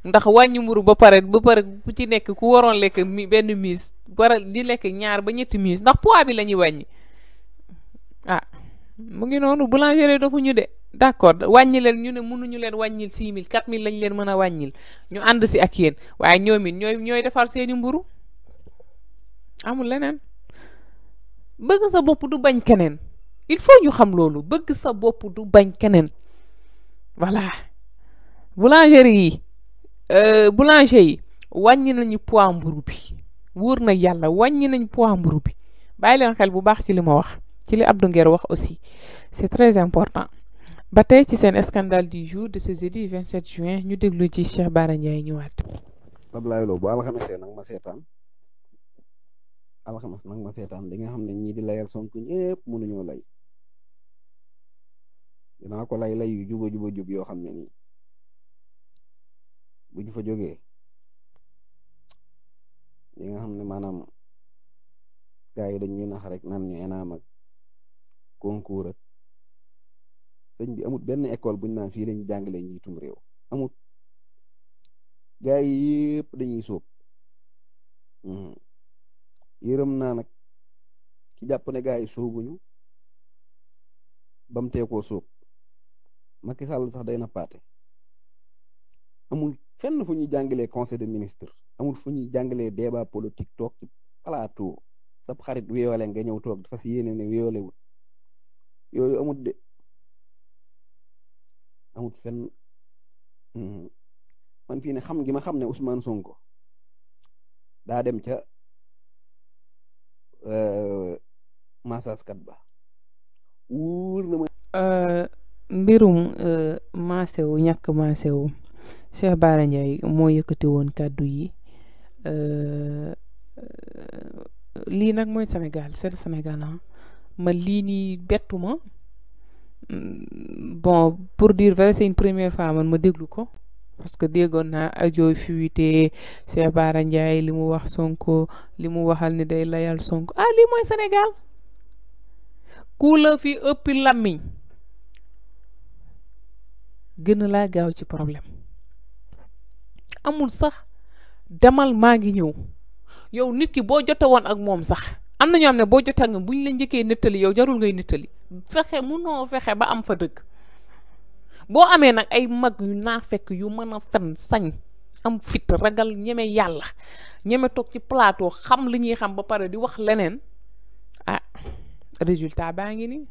ndax wàññi mburu ba pare ba pare ku ci nekk ku waroon lekk mi benn miis war di lekk ñaar ba ñetti miis ndax poids bi la ñuy wàññi mu ngi noonu boulangerie dafa ñu de d' accord wàññi leen ñu ne mënuñu leen wàññil six mille quatre lañ leen mën a wàññil ñu ànd si ak yéen waaye ñoom it ñooy ñooy defar seeni mburu amul leneen bëgg sa bopp du bañ keneen il faut ñu xam loolu bëgg sa bopp du bañ keneen voilà boulangerie yi euh, boulanger yi wàññi nañu poids mburu bi wóor na yàlla wàññi nañ poids mburu bi bàyyi leen xel bu baax ci li ma wax ci li Abdou Nguer wax aussi c'est très important batay ci sen scandale du jour de ce jeudi 27 juin ñu déglu ci Cheikh Bara Ndiaye ñëwaat. wallahi Lo bu alxames nak ma seetaan alxames nak ma sétan di nga xamné ñi di layal sonku ñepp ñëpp ñu lay dina ko lay lay yu juba juba jub yo xamné ni nii bu ñu fa joggé di nga xamné manam gaay gars yi dañuy nax rek nan ñu enam ak concours ak sëñ bi amut benn école buñ naan fii la ñuy jàngale njiitum réew amut gaa yi yëpp dañuy sóob hmm. yërëm naa nag ki jàpp ne gaa yi sóobuñu bam tee koo sóob Macky Sall sax day na nappaate amul fenn fu ñuy jàngalee conseil de ministre amul fu ñuy jàngalee débat politique toog ci plateau sab xarit weewale nga ñëw toog dafa si yéene ne weewalewut yooyu amut de amut fenn hmm. man fii ne xam gi xam ne Ousmane Sonko daa dem ca euh, massaskat ba wóor na ma euh, mbirum euh, maase wu ñàkk maase wu Cheikh Bara Ndiaye moo yëkkati woon kàddu yi lii nag mooy Sénégal c'est le Sénégal man lii nii bettu bon pour diir vrai une première fois man ma déglu ko parce que déggoon naa ajooy fuité Cheikh Bara li mu wax sonk li mu waxal ni day layal sonk ah lii mooy Sénégal ku fi ëppi làmmiñ gën a laa gaaw ci problème amul sax demal maa ngi ñëw yow nit ki boo jote woon ak moom sax am na ñoo xam ne boo jotee ak ñoom bu ñu la njëkkee nettali yow jarul ngay nettali fexe noo fexe ba am fa dëkk boo amee nag ay mag yu naa fekk yu mën a fen sañ am fit ragal ñeme yàlla ñeme toog ci plateau xam li ñuy xam ba pare di wax leneen ah résultat baa ngi nii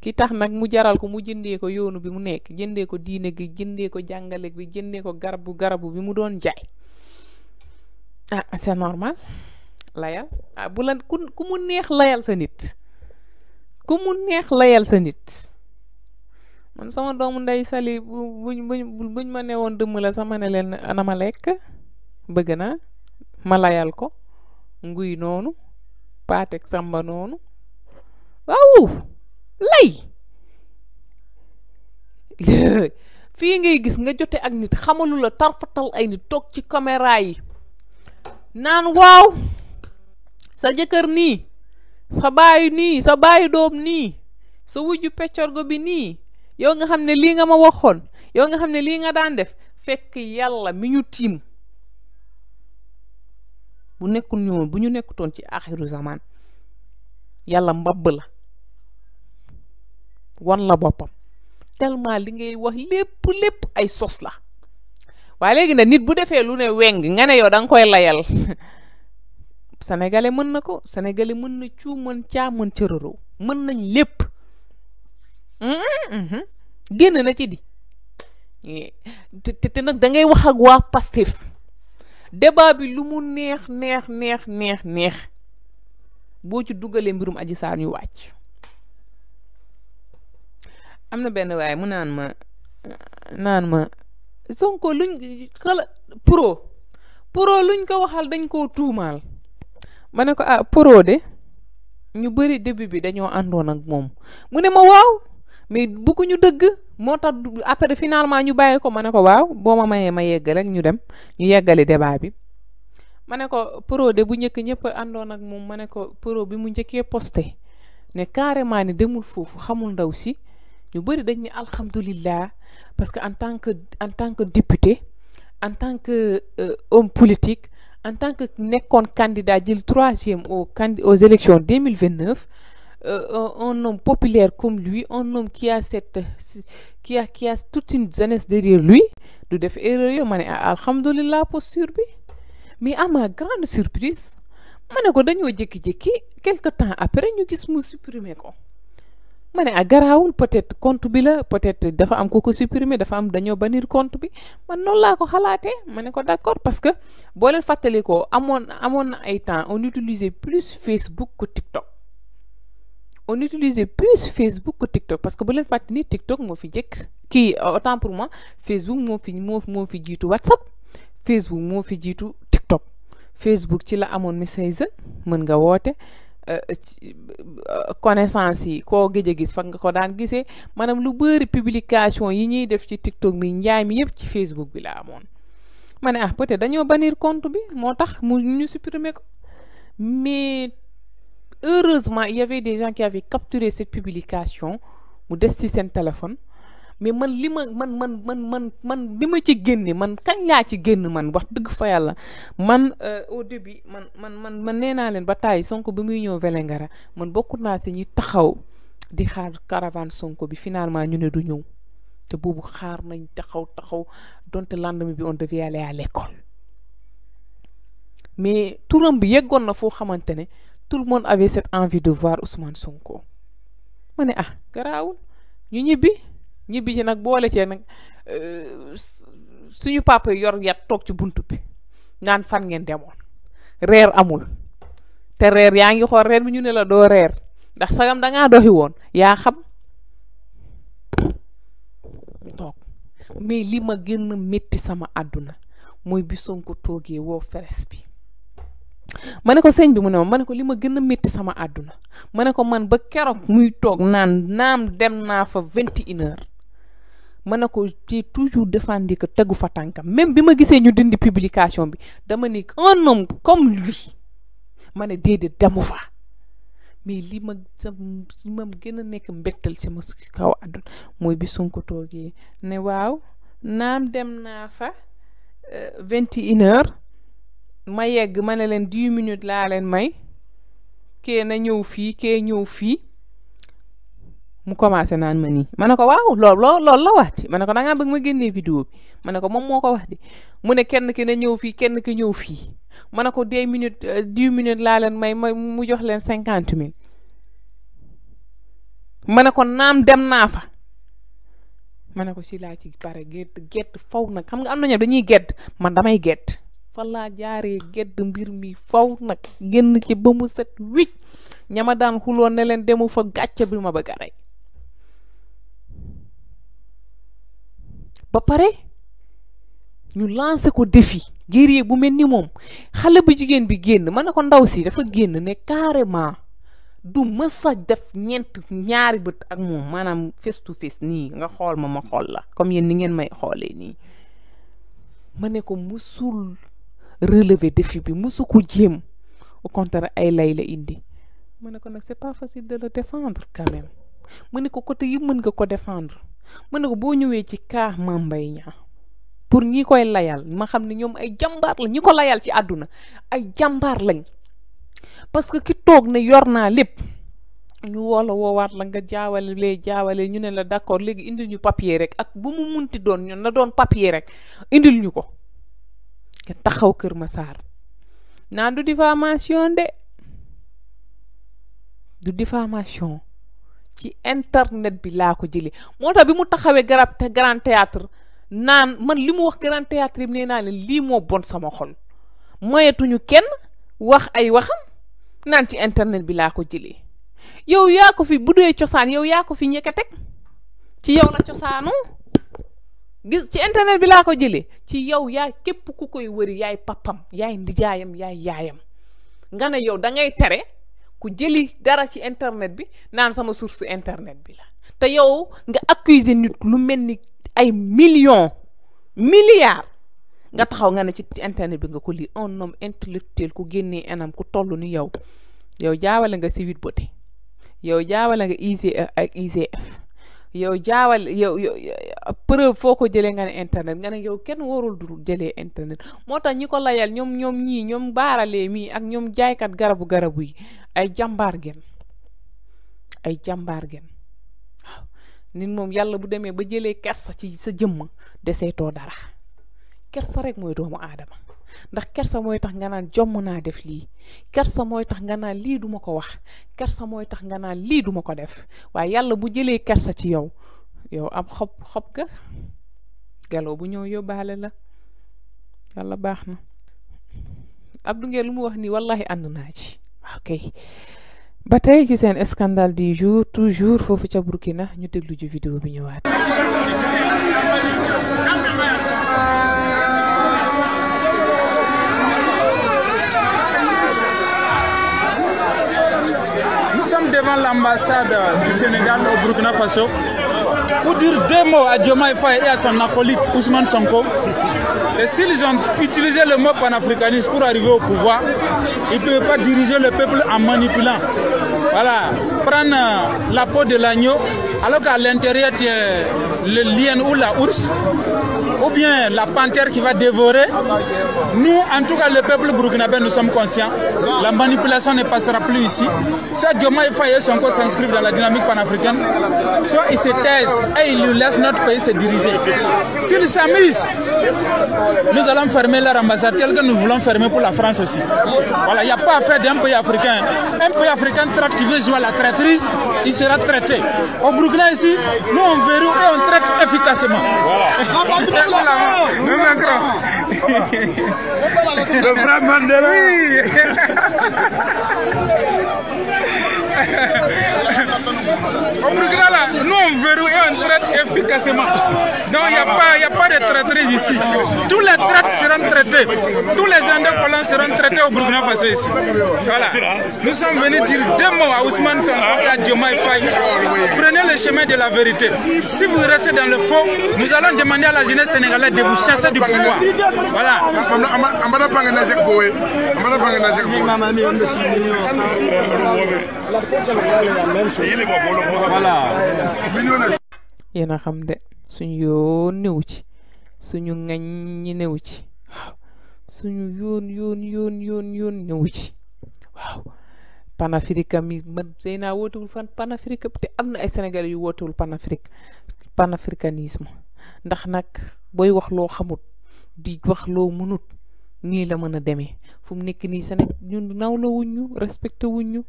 ki tax nag mu jaral ko mu jëndee ko yoonu bi mu nekk jëndee ko diine gi jëndee ko jàngale bi jëndee ko garabu garabu bi mu doon jaay ah c'est normal layal ah bu ku mu neex layal sa nit ku mu neex layal sa nit man sama doomu ndey sali buñ buñ buñ ma newon woon la sama ne leen anama lek bëgg ma layal ko nguy nonu patek samba nonu waaw lay (laughs) fi ngay gis nga jote ak nit xamalu la tarfatal ay nit tok ci caméra yi Nan wow, sa jëkkër sabai sa sabai ni sa bay doom ni sa wujju go bi ni yo nga xamne li nga ma waxon yo nga xamne li nga daan def fekk yalla mi ñu bu nekkul ñoom bu ñu ci akhiru zaman yalla mbab la wan la bopam tellement li ngay wax lepp lepp ay sos la waaye gina nit bu defé lu ne weng nga né yo dang koy layal (laughs) sénégalais mën nako ko sénégalais mën na ciu mën tia mën ca roroo mën nañ hmm genn na ci di té té nak da ngay wax ak wa pastif débat bi lu mu neex neex neex neex neex bo ci mbirum aji sar ñu wacc amna ben benn mu naan ma naan ma Sonko luñ xala pro pro luñ ko waxal dañ koo tuumaal ma ne ko ah pro de ñu bëri début bi dañoo àndoon ak moom mu ne ma waaw mais ñu dëgg moo tax après finalement ñu bàyyi ko ma ne ko waaw boo ma mayee ma yegg rek ñu dem ñu yeggali débat bi ma ne ko pro de bu njëkk ñëpp àndoon ak moom ma ne ko pro bi mu njëkkee posté ne carrément ni demul foofu xamul ndaw si Nous devons dañ ni alhamdulillah parce que en tant que en tant que député en tant que euh, homme politique en tant que candidat jël troisième e aux élections 2029 euh, un homme populaire comme lui un homme qui a cette qui a qui a toute une jeunesse derrière lui nous def erreur yo ah, pour alhamdoulillah alhamdulillah bi mais à ma grande surprise mané ko dañoo que quelques quelque temps après nous gis mu supprimer ko ma ne ah garaawul peut-être compte bi la peut-être dafa am ku ko supprimer dafa am dañoo bannir compte bi man noonu laa ko xalaatee ma ne ko d'accord parce que boole leen ko amoon amoon na ay temps on utilisait plus Facebook que TikTok on utilisait plus Facebook que parce que bu leen fàttali ni TikTok moo fi jëkk kii autant pour moi Facebook moo fi moo moo fi jiitu WhatsApp Facebook moo fi jiitu TikTok Facebook ci la amoon message mën nga woote Euh, euh, connaissance yi koo gëj gis fa nga ko daan gisee maanaam lu bëri publication yi ñuy def ci TikTok mi njaay mi yëpp ci Facebook bi la amoon ma ne ah peut-être dañoo bannir compte bi moo tax mu ñu supprimer ko mais heureusement il y avait des gens qui avaient capturé cette publication mu des ci seen téléphone mais man li ma man man man man man bi ma ci génne man kañ laa ci génn man wax dëgg fa yàlla man euh, au début man man man man nee naa leen ba tàyyi sonk bi muy ñëw Vélingara man bokk naa si ñi taxaw di xaar caravane Sonko bi finalement ñu ne du ñëw te boobu xaar nañ taxaw taxaw donte lendemain bi on devait aller à l'école mais turam bi yeggoon na foo xamante ne tout le monde avait cette envie de voir Ousmane Sonko ma ne ah garaawul ñu ñibbi. ñibbi ci nak boole ci nak euh, suñu papa yor ya tok ci buntu bi naan fan ngeen demoon reer amul te reer yaangi xor reer bi ñu ne la do reer ndax sagam nga dohi won ya xam tok mi li ma gën sama aduna, moy bi Sonko toge wo feres bi mané ko señ bi mu ne mané ko lima ma metti sama aduna, mané ko man ba kérok muy tok nan nam dem na fa 21 heures mën na ko ci toujours défendre que tegu fa tànkam même bi ma gisee ñu dindi publication bi dama ni un homme comme lui ma ne déedéet demu fa mais li ma sa li ma gën a nekk mbettal si ma kaw àdduna mooy bi Sonko toogee ne waaw naam dem naa fa euh, vingt et ma yegg ma ne leen dix minutes laa leen may kee na ñëw fii kee ñëw fii mu commencé naan ma nii ma ne ko waaw loolu loo loolu la wax di ma ne ko da ngaa bëgg ma génnee vidéo bi ma ne ko moom moo ko wax di mu ne kenn ki na ñëw fii kenn ki ñëw fii ma ne ko dix minutes euh, dix minutes laa leen may ma mu jox leen cinquante mille ma ne ko naam dem naa fa ma ne ko si laa ci pare gedd gedd faw nag xam nga am na ñoom dañuy gedd man damay gedd fa laa jaaree gedd mbir mi faw nag génn ci ba mu set wicc ñama daan xuloon ne leen demu fa gàcce bi ma bëgg a rey ba pare ñu lancé ko défi guerrier bu mel ni moom xale bu jigéen bi génn ma ne ko ndaw si dafa génn ne carrément du ma sa def ñeent ñaari bët ak moom maanaam face to face nii nga xool ma ma xool la comme yéen ni ngeen may xoolee nii ma ne ko musul relever défi bi musu ko jéem au contraire ay lay la indi ma ne ko nag c'est pas facile de le défendre quand même ma ne ko côté yi mën nga ko defendre mën na ko boo ñëwee ci cas Mame Mbaye Niang pour ñi koy layal ma xam ne ñoom ay jàmbaar ñi ko layal ci àdduna ay jàmbaar lañ parce que ki toog ne yor naa lépp ñu woola la woowaat la nga jaawale lee jaawale ñu ne la d'accord léegi indil ñu papier rek ak bu mu munti doon ñun na doon papier rek indil ñu ko nga taxaw Kër Massar naan du diffamation de du diffamation ci internet bi laa ko jëlee moo tax bi mu taxawee garab te grand théâtre naan man li mu wax grand théâtre yi nee naa leen lii moo bon sama xol mayetuñu kenn wax ay waxam naan ci internet bi laa ko jëlee yow yaa ko fi bu dee cosaan yow yaa fi ñëkk a teg ci yow cosaanu gis ci internet bi laa ko jëlee ci yow yaa képp ku koy wëri yaay papam yaay ndijaayam yaay yaayam nga ne yow da ngay tere ku jëli dara ci internet bi naan sama source internet bi la te yow nga accuser nit lu mel ni ay millions milliards nga taxaw nga ne ci internet bi nga ko lii un homme ku génnee anam ku toll ni yow yow jaawale nga si wit bote yow jaawale nga IG yow jaawal yow yow preuve foo ko jëlee nga ne internet nga ne yow kenn warul du jëlee internet moo tax ñi ko layal ñoom ñoom ñii ñoom baaralee mii ak ñoom jaaykat garabu garabu yi ay jàmbaar gen ay jàmbaar gen nit moom yàlla bu demee ba jëlee kersa ci sa jëmm deseetoo dara kersa rek mooy doomu aadama ndax kersa mooy tax nga naan jomm naa def lii kersa mooy tax nga naan lii duma ko wax kersa mooy tax nga naan lii duma ko def waaye yàlla bu jëlee kersa ci yow yow ab xob xob ka galoo bu ñëw yóbbaale la yàlla baax na ab Nguer lu mu wax nii wallahi ànd naa ci ok ba tey ci seen scandale du jour toujours foofu ca Burkina ñu déglu ju vidéo bi ñëwaat devant l'ambassade du Sénégal au Burkina Faso pour dire deux mots à Diomaye Faye et à son acolyte Ousmane Sonko. Et s'ils ont utilisé le mot panafricaniste pour arriver au pouvoir, ils ne peuvent pas diriger le peuple en manipulant. Voilà, prendre euh, la peau de l'agneau, alors qu'à l'intérieur, tu es le lien ou la ours, ou bien la panthère qui va dévorer. Nous, en tout cas, le peuple burkinabé, nous sommes conscients. La manipulation ne passera plus ici. Soit Diomaye Faye et Sonko s'inscrivent dans la dynamique panafricaine, soit ils se taisent et ils nous laissent notre pays se diriger. S'ils s'amusent, nous allons fermer leur ambassade tel que nous voulons fermer pour la France aussi. Voilà, il n'y a pas à faire d'un pays africain. Un pays africain traite qui veut jouer à la traîtrise, il sera traité. Au Burkina ici, nous on verrouille et on traite efficacement. Voilà. Le vrai Mandela. (laughs) Au Burkina, nous on verrouille et on traite efficacement. Donc il n'y a, pas, pas de traiterie ici. Tous les traites seront traités. Tous les indépendants seront traités au Burkina Faso ici. Voilà. Nous sommes venus dire deux mots à Ousmane son à Faye. Prenez le chemin de la vérité. Si vous restez dans le faux, nous allons demander à la jeunesse sénégalaise de vous chasser du pouvoir. Voilà. Oui, yéen a xam de suñu yoon néew ci suñu ngañ ñi newu ci waaw suñu yoon yoon yoon yoon yoon néew ci waaw panafrique mi man Zeyna wootewul fan te am na ay sénégalais yu wootewul panafrique panafricanisme ndax nag booy wax loo xamut di wax loo mënut nii la mën a demee fu mu nekk nii Sénégal ñun nawlawuñ ñu respecté wuñ ñu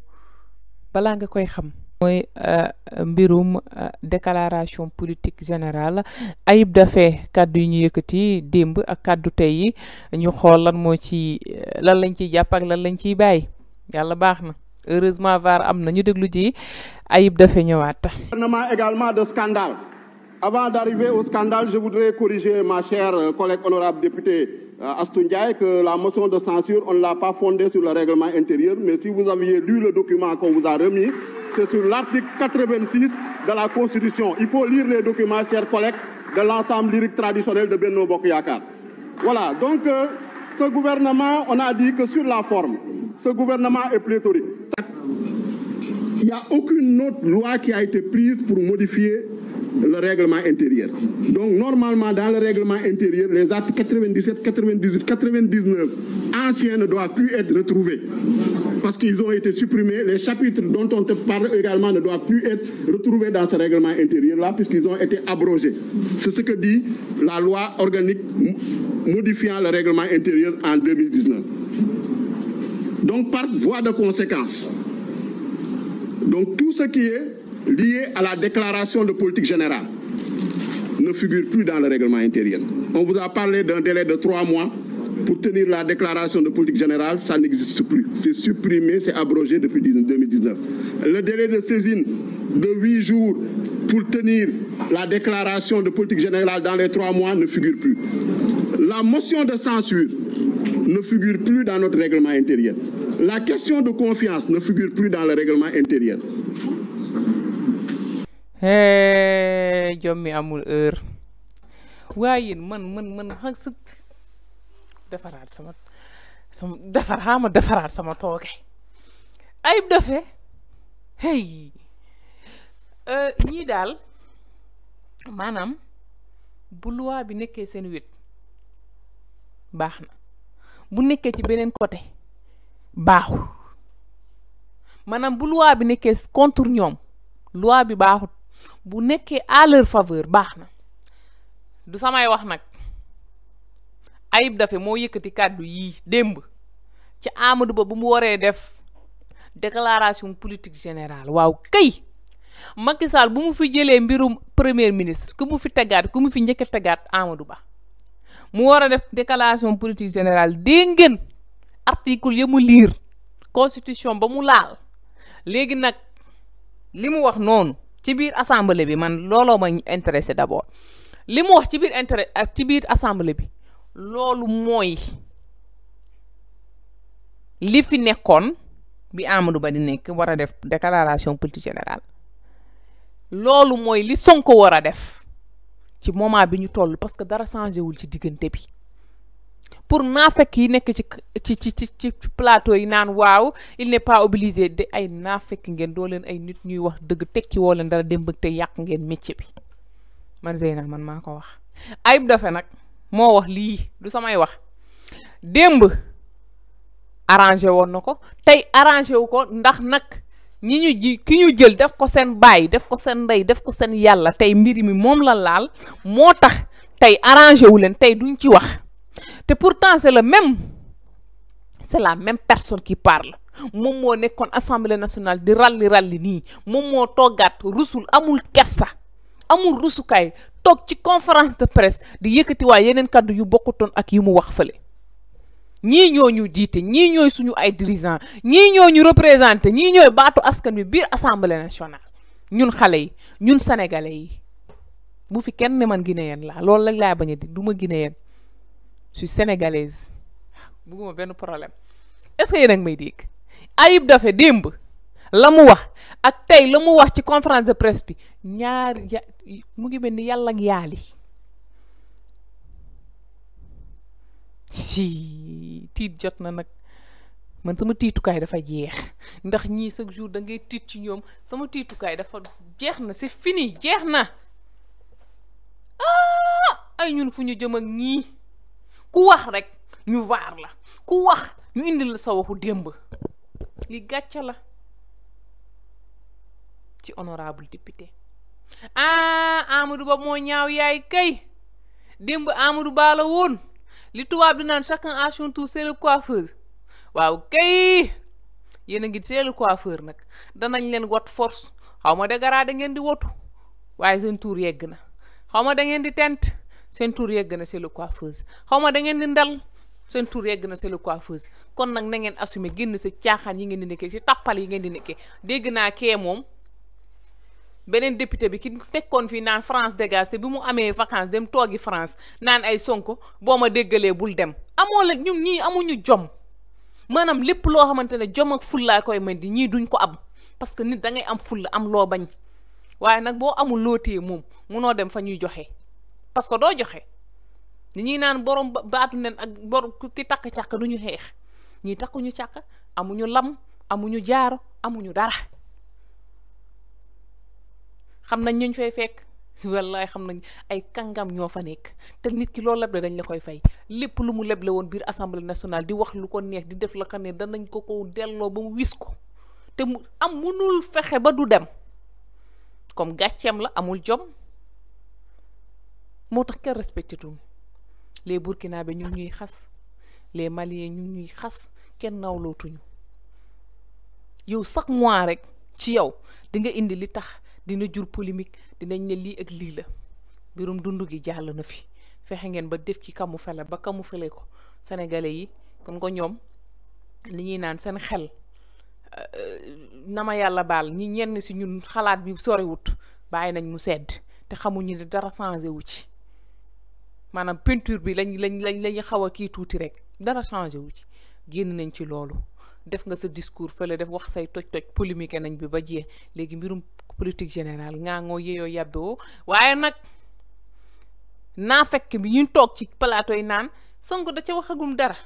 balaa nga koy xam mooy euh, mbirum euh, déclaration politique générale Ayib Dafé kàddu yi ñu yëkëti demb ak kaddu tay yi ñu xol lan mo ci euh, lan lañ ciy japp ak lan lañ ciy bay yalla baxna heureusement VAR amna ñu déglu ji Ayib ñëwaat. également de scandale avant d'arriver au scandale je voudrais corriger ma chère collègue honorable députée Astou que la motion de censure on ne l'a pas fondée sur le règlement intérieur mais si vous aviez lu le document qu'on vous a remis c'est sur l'article 86 de la Constitution. Il faut lire les documents, chers collègues, de l'ensemble lyrique traditionnel de Benno Bokuyakar. Voilà, donc euh, ce gouvernement, on a dit que sur la forme, ce gouvernement est pléthorique. Il n'y a aucune autre loi qui a été prise pour modifier le règlement intérieur. Donc normalement, dans le règlement intérieur, les actes 97, 98, 99 anciens ne doivent plus être retrouvés parce qu'ils ont été supprimés. Les chapitres dont on te parle également ne doivent plus être retrouvés dans ce règlement intérieur-là, puisqu'ils ont été abrogés. C'est ce que dit la loi organique modifiant le règlement intérieur en 2019. Donc, par voie de conséquence, donc tout ce qui est lié à la déclaration de politique générale ne figure plus dans le règlement intérieur. On vous a parlé d'un délai de trois mois pour tenir la déclaration de politique générale, ça n'existe plus. C'est supprimé, c'est abrogé depuis 2019. Le délai de saisine de 8 jours pour tenir la déclaration de politique générale dans les 3 mois ne figure plus. La motion de censure ne figure plus dans notre règlement intérieur. La question de confiance ne figure plus dans le règlement intérieur. defaraat sama sama defar defaraat sama tooge ayib defee hey euh, ñii daal maanaam bu loi bi nekkee seen wét baax na bu nekkee ci beneen côté baaxul maanaam bu loi bi nekkee contre ñoom loi bi baaxul bu nekkee à faveur baax na du samay wax nag Ayib dafe mo yëkëti kaddu yi demb ci Amadou Ba bu mu waré def déclaration politique générale waaw kay Macky Sall bu mu fi jëlé mbirum premier ministre ku mu fi tagat ku mu fi ñëkë tagat Amadou Ba mu wara def déclaration politique générale de ngeen article yamu lire constitution ba mu laal légui nak limu wax non ci biir assemblée bi man lolo ma intéressé d'abord limu wax ci biir intérêt ci biir assemblée bi. loolu mooy li fi nekkoon bi Amadou Ba di nekk war a def déclaration politique générale loolu mooy li ko war a def ci moment bi ñu toll parce que dara changé wul ci diggante bi pour naa fekk yi nekk ci ci ci ci plateau yi naan waaw il n'est pas obligé de ay naa fekk ngeen doo leen ay nit ñuy wax dëgg tekki woo leen dara démb te yàq ngeen métier bi man Zeyna man maa ko wax Ayib Daffé nag. mo wax li du samay wax demb arrangé woon na ko arrangé wu ko ndax nak ñi ñu ji ki ñu jël def ko sen bay def ko sen ndey def ko sen yalla tay mbir mi la laal motax tay arrangé wu len tay duñ ci wax te pourtant c'est le même c'est la même personne qui parle moom moo nekkoon assemblée nationale di ralli ralli ni mom mo togat rusul amul kersa amul rusukaay toog ci conférence de presse di yëkkati waay yeneen kaddu yu bokkutoon ak yu mu wax fële ñii ñoo ñu jiite ñii ñooy suñu ay dirigeant ñii ñoo ñu représenté ñii ñooy baatu askan wi biir assemblée nationale ñun xale yi ñun sénégalais yi bu fi kenn ne man guinéen laa loolu lañ laa bañ a di du ma guinéen suis sénégalaise bugguma benn problème est-ce que yéen a ngi may dégg Ayib Daffé démb la mu wax ak tey la mu wax ci conférence de presse bi ñaar mu ngi mel yàlla ak yaali si tiit jot na nag man sama tiitukaay dafa jeex ndax ñii chaque jour dangay tiit ci ñoom sama tiitukaay dafa jeex na c'est fini jeex na ah ay ñun fu ñu jëm ak ñii ku wax rek ñu waar la ku wax ñu indi la sa waxu démb li gàcce la ci honorable député ah Amadou Ba moo ñaaw yaay kay démb Amadou Ba la woon li tubaab di naan chacun à son tour c'est le coiffeur waaw kay yéen a ngi c'est le coiffeur nag danañ leen wat force xaw ma dégradé ngeen di wotu waaye seen tour yegg na xaw ma da ngeen di tent seen tour yegg na c'est le coiffeuse xaw ma da ngeen di ndal seen tour yegg na c'est le coiffeuse kon nag na ngeen assumer génn sa caaxaan yi ngeen di nekkee ci tappal yi ngeen di nekkee dégg naa kee moom beneen député bi ki nekkoon fii naan France dégage te bi mu amee vacances dem toogi France naan ay sonk boo ma déggalee bul dem amoo la ñu ñii amuñu jom maanaam lépp loo xamante ne jom ak fullaa koy mën di ñii duñ ko am parce que nit dangay ngay am fulla am loo bañ waaye nag boo amul loo lootee moom munoo dem fa ñuy joxe parce que doo joxe ni ñuy naan borom baatu nen ak borom ki takk càkk du ñu xeex ñii takkuñu càkk amuñu lam amuñu jaaro amuñu dara xam nañ ñu fay fekk wallaay xam nañ ay kàngam ñoo fa nekk te nit ki loolu leble dañ la koy fay lépp lu mu leble woon biir assemblée nationale di wax lu ko neex di def la ko ne danañ ko ko delloo ba mu wis ko te mu am munul fexe ba du dem comme gàcceem la amul jom moo tax kenn respecté tuñ les burkinabé ñu ngi ñuy xas les maliens ñu ñuy xas kenn nawlootuñu yow chaque mois rek ci yow dinga indi li tax dina jur polémique dinañ ne lii ak lii la mbirum dund gi jàll na fi fexe ngeen ba def ci kamu fele ba kamu fele ko sénégalais yi kon ko ñoom li ñuy naan seen xel euh, na ma yàlla baal ñi ñenn si ñun xalaat bi soriwut bàyyi nañ mu sedd te xamuñu ne dara changé wu ci maanaam peinture bi lañ lañ lañ lañu xaw a kii tuuti rek dara changé wu ci génn nañ ci loolu def nga sa discours fele def wax say toj toj polémique nañ bi ba jé légui mbirum politique générale ngaa ngoo yeeyoo yàbbe woo nak na fekk mi ñu tok ci plateau yi naan songu da ci waxagum dara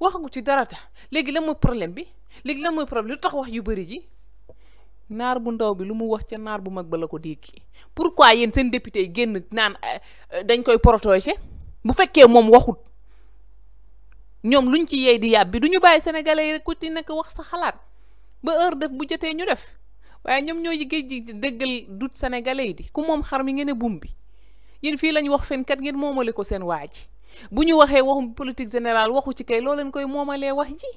waxagu ci dara ta légui la problem problème bi légui la mooy problème lu tax wax yu bari ji nar bu ndaw bi lu mu wax ci nar bu mag ba la ko dégg pourquoi yeen sen député yi génn naan euh, euh, dañ koy protéger bu fekke mom waxut ñoom lu ñu ci yeey di bi du ñu bàyyi sénégalais yi rek ku ci nekk wax sa xalaat ba heure def bu jotee ñu def waaye ñoom ñoo géej gi dëggal dut sénégalais yi di ku moom xar mi ngeen a buum bi yéen fii lañ wax fenkat ngeen moomale ko seen waa ji bu ñu waxee waxum politique générale waxu ci kay loo leen koy moomalee wax ji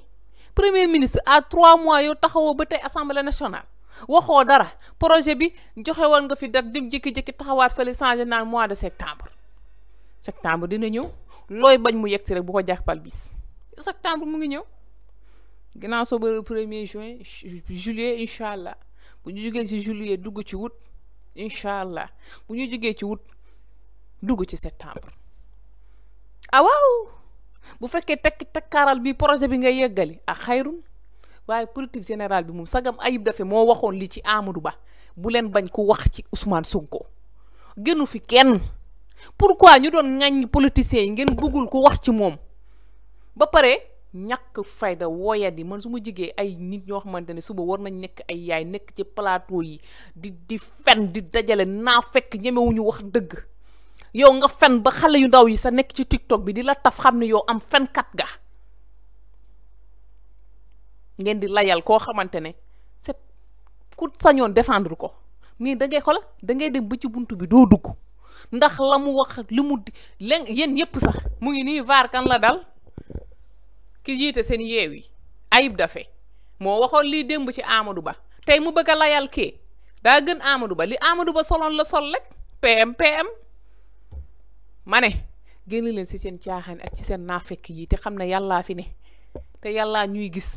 premier ministre à trois mois yow taxawoo ba tey assemblée nationale waxoo dara projet bi joxe woon nga fi date dim jékki-jékki taxawaat fële changé naan mois de septembre septembre dina ñëw looy bañ mu yegg si bu ko jàppal bis septembre mu ngi ñëw ginnaaw soo bëri premier juin juillet incha allah bu ñu jógee ci juillet dugg ci wut incha allah bu ñu jugee ci wut dugg ci septembre ah bu fekkee tekk tekkaaral bi projet bi ngay yeggali ak ah, xayrun waaye politique général bi moom sagam Ayib Daffé moo waxoon li ci Amadou Ba bu leen bañ ko wax ci Ousmane Sonko gënu fi kenn pourquoi ñu doon ŋàññ politiciens yi ngeen bëggul ko wax ci moom ba paré ñak fayda woya di man suma jigé ay nit ñoo xamanteni suba war nañ nek ay yaay nek ci plateau yi di di fen di dajale na fekk ñemewuñu wax dëgg yow nga fen ba xalé yu ndaw yi sa nek ci tiktok bi di la taf xamni yow am kat ga ngeen di layal ko xamante c'est ku sañon défendre ko mi da ngay xol da ngay dem bu ci buntu bi duku. dugg ndax lamu wax limu mu len yéen sax mu ngi ni var kan la dal ki jité sen yeew yi Ayib fe mo waxon li demb ci Amadou Ba tay mu bëgg layal ke, da gën Amadou Ba li Amadou Ba solon la sol rek PM PM mané ne génn leen ci sen tiaxane ak ci sen nafek yi te xamna yalla fi ne te yalla, ñuy gis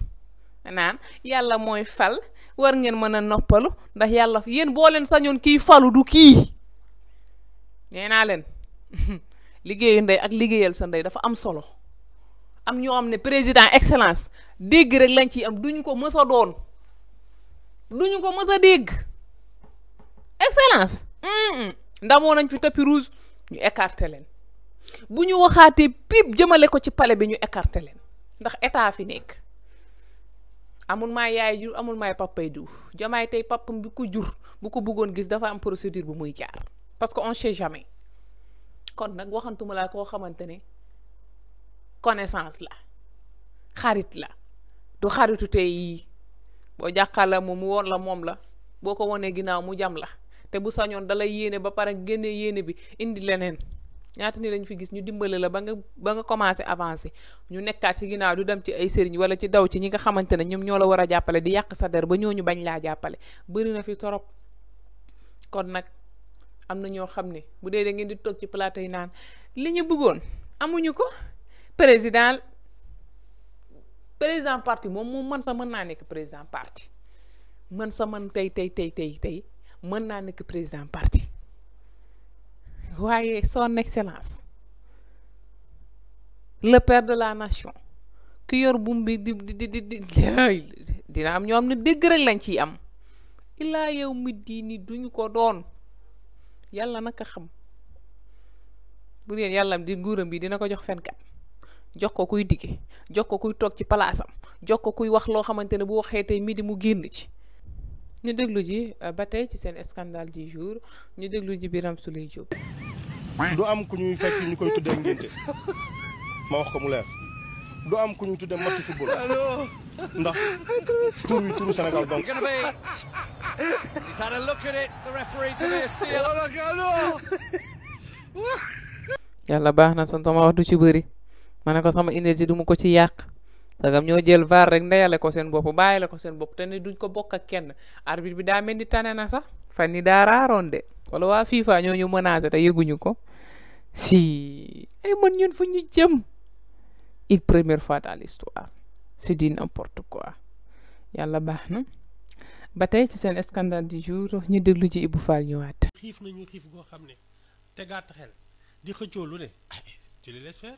nan yalla moy fal war ngeen mëna noppalu ndax yalla yeen bo leen sañoon ki falu du ki nee leen (laughs) liggéey ndey ak liggéeyal sa ndey dafa am solo am ñoo xam ne président excellence dégg rek lañ ciy am du ñu ko mës a doon ñu ko mës a dégg excellence ndamoo nañ fi tapis rouge ñu écarté leen bu ñu waxaatee pipe jëmale ko ci pale bi ñu écarté leen ndax état fi nekk amul maay yaay jur amul maay papay diw jamaay tey papam bi ko jur bu ko bëggoon gis dafa am procédure bu muy jaar parce que on sait jamais kon nag waxantuma laa koo xamante ne connaissance la xarit la du xaritu tey yii boo jàkkaar la moom mu woon la moom la boo ko wonee ginnaaw mu jam la te bu sañoon dala yéene ba pare génnee yéene bi indi leneen ñaata ni lañ fi gis ñu dimbale la ba nga ba nga commencé avancé ñu nekkaat ci ginnaaw du dem ci ay sëriñ wala ci daw ci ñi nga xamante ne ñoom ñoo la war a jàppale di yàq sa der ba ñooñu bañ laa jàppale bëri na fi torop kon nag am na ñoo xam ne bu dee da ngeen di toog ci plateau yi naan li ñu bëggoon amuñu ko président président parti moom moom man sax mën naa nekk président parti man sax man tay tay tay tey tey mën naa nekk président parti waaye son excellence le père de la nation ki yor buum bi di di di di dina am di am ne dégg rek lañ ciy am illaa yow mi diini duñu ko doon yalla naka xam bu dee yàlla di nguuram bi dina ko jox fenkat jox ko kuy dige jox ko kuy toog ci palaasam jox ko kuy wax loo xamante ne bu waxee tey midi mu génn ci. ñu déglu ji euh, ba tey ci seen scandale du jour ñu déglu ji Birame Souleye Diop. du am ku ñuy fekk ñu koy tuddee ngénte ma wax ko mu leer du am ku ñuy tuddee match football ndax tur wi baax na sant wax du ci bëri. mané ko sama énergie duma ko ci yàq sagam ñoo jël var rek ndeyale ko seen bop bàyyile ko seen bop tane duñ ko bokk ak kenn arbitre bi da melni tane na sax fanni da wala wa FIFA ñoo ñu te yeguñu ko si ay man ñun fu ñu jëm une première fois dans l'histoire c'est dit n'importe quoi yalla baax na ba ci sen scandale du jour ñu deglu ci Ibou Fall xif nañu xel di xëccoo lu ne li les faire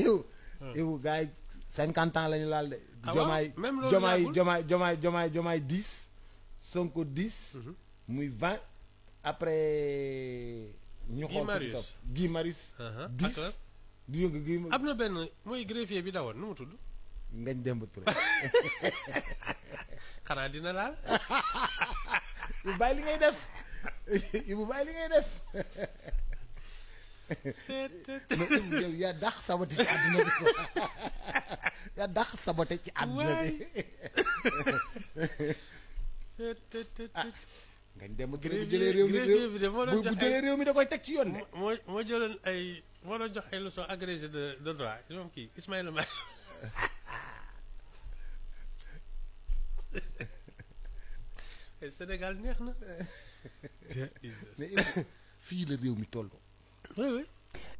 E ou Senkantan lè nè lal Jomay Jomay 10 Sonko 10 Moui 20 Apre Gimaris 10 Mwen dembo Karadine lal Mou bay lè nè lè Mou bay lè nè lè mais yow yaa dàq ci àdduna bi quoi (laughs) yaa ah, dem bu jëlee réew mi bu da koy teg ci yoon de. moo moo jëloon ay jox ay leçons agrégé de de droit (laughs) (laughs) Sénégal neex na. mais fii la réew mi toll. oui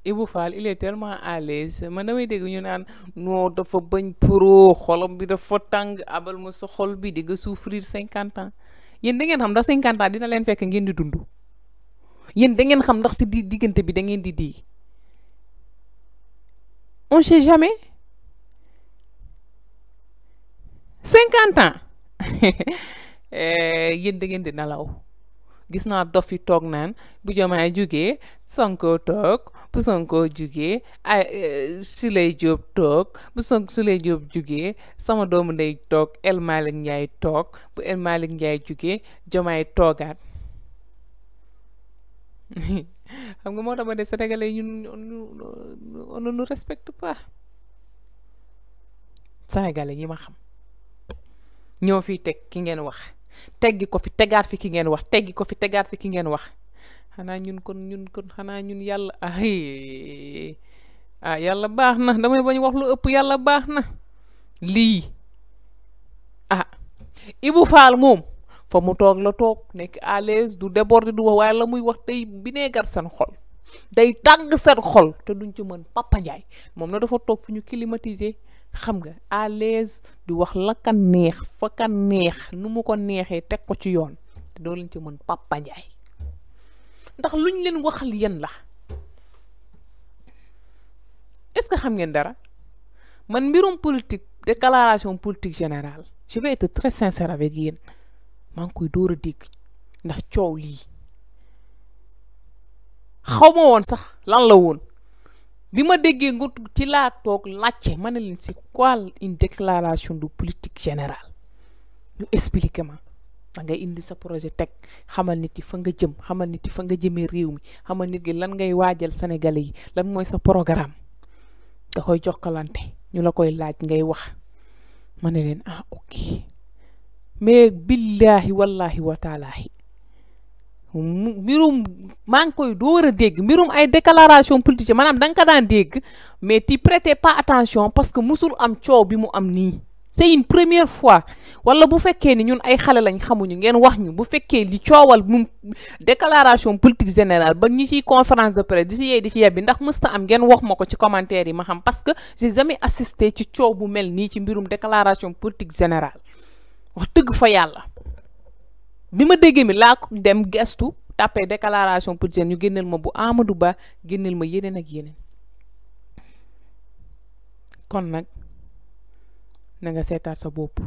oui. tellement à l'aise man damay dégg ñu naan non dafa bañ pro xolam bi dafa tàng abal ma sa xol bi di nga souffrir cinquante ans yéen da ngeen xam ndax cinquante dina leen fekk ngeen di dund yéen da ngeen xam ndax si di diggante bi da ngeen di di on sait jamais cinquante ans (laughs) eh, yéen da di nalaw. gis naa dof yi toog naan bu Diomaye jugee Sonko toog bu Sonko jugee ay eh, Souleye Diop toog bu Sonko Souleye Diop jugee sama doomu ndey toog El Malick Ndiaye toog bu El Malick Ndiaye jugee Diomaye toogaat (laughs) xam nga moo tax ma ne Sénégalais ñun on ne nous respecte pas Sénégalais yi ma xam ñoo fiy teg ki ngeen wax teggi ko fi tegaat fi ki ngeen wax teggi ko fi tegaat fi ki ngeen wax xanaa ñun kon ñun kon xanaa ñun yàlla ay ah yàlla baax na damay bañ wax lu ëpp yàlla baax na lii ah Ibou Fall moom fa mu toog la toog nekk à l'aise du déborder du wax waaye la muy wax tey bineegar seen xol day tàng seen xol te duñ ci mën Papa moom na dafa toog fu ñu climatiser xam nga à l'aise di wax la ka neex fa ka neex nu mu ko neexee teg ko ci yoon te doo leen ci mën Papa Ndiaye ndax luñ leen waxal yéen la est-ce que xam ngeen dara man mbirum politique déclaration politique générale je vais être très sincère avec yéen maa ngi koy dóor a dégg ndax coow lii xaw ma woon sax lan la woon. bi ma déggee nga ci laa toog laajte ma ne leen c'est quoi une déclaration de politique générale ñu expliqué ma da ngay indi sa projet teg xamal nit yi fa nga jëm xamal nit yi fa nga jëmee réew mi xamal nit gi lan ngay waajal sénégalais yi lan mooy sa programme nga koy jokkalante ñu la koy laaj ngay wax ma ne leen ah ok mais billahi wallahi wa taalaahi mirum maa koy door a ay déclaration politique Madame da nga ko mais tu prêtais pas attention parce que musul am coow bi mu am ni c'est une première fois wala bu fekkee ni ñun ay xalé lañ xamuñu ngeen wax ñu bu fekkee li coowal mu déclaration politique générale ba ñi ci conférence de presse di ci yey di ci yebbi ndax musta am ngeen wax mako ci commentaire yi ma xam parce que j'ai jamais assisté ci coow bu mel ni ci mbirum déclaration politique générale wax deug fa yalla bima ma mi la ko dem gestu tapé déclaration pour jeune ñu gënël ma bu Amadou Ba gënël ma yeneen ak yeneen kon nak na nga seetaat sa bop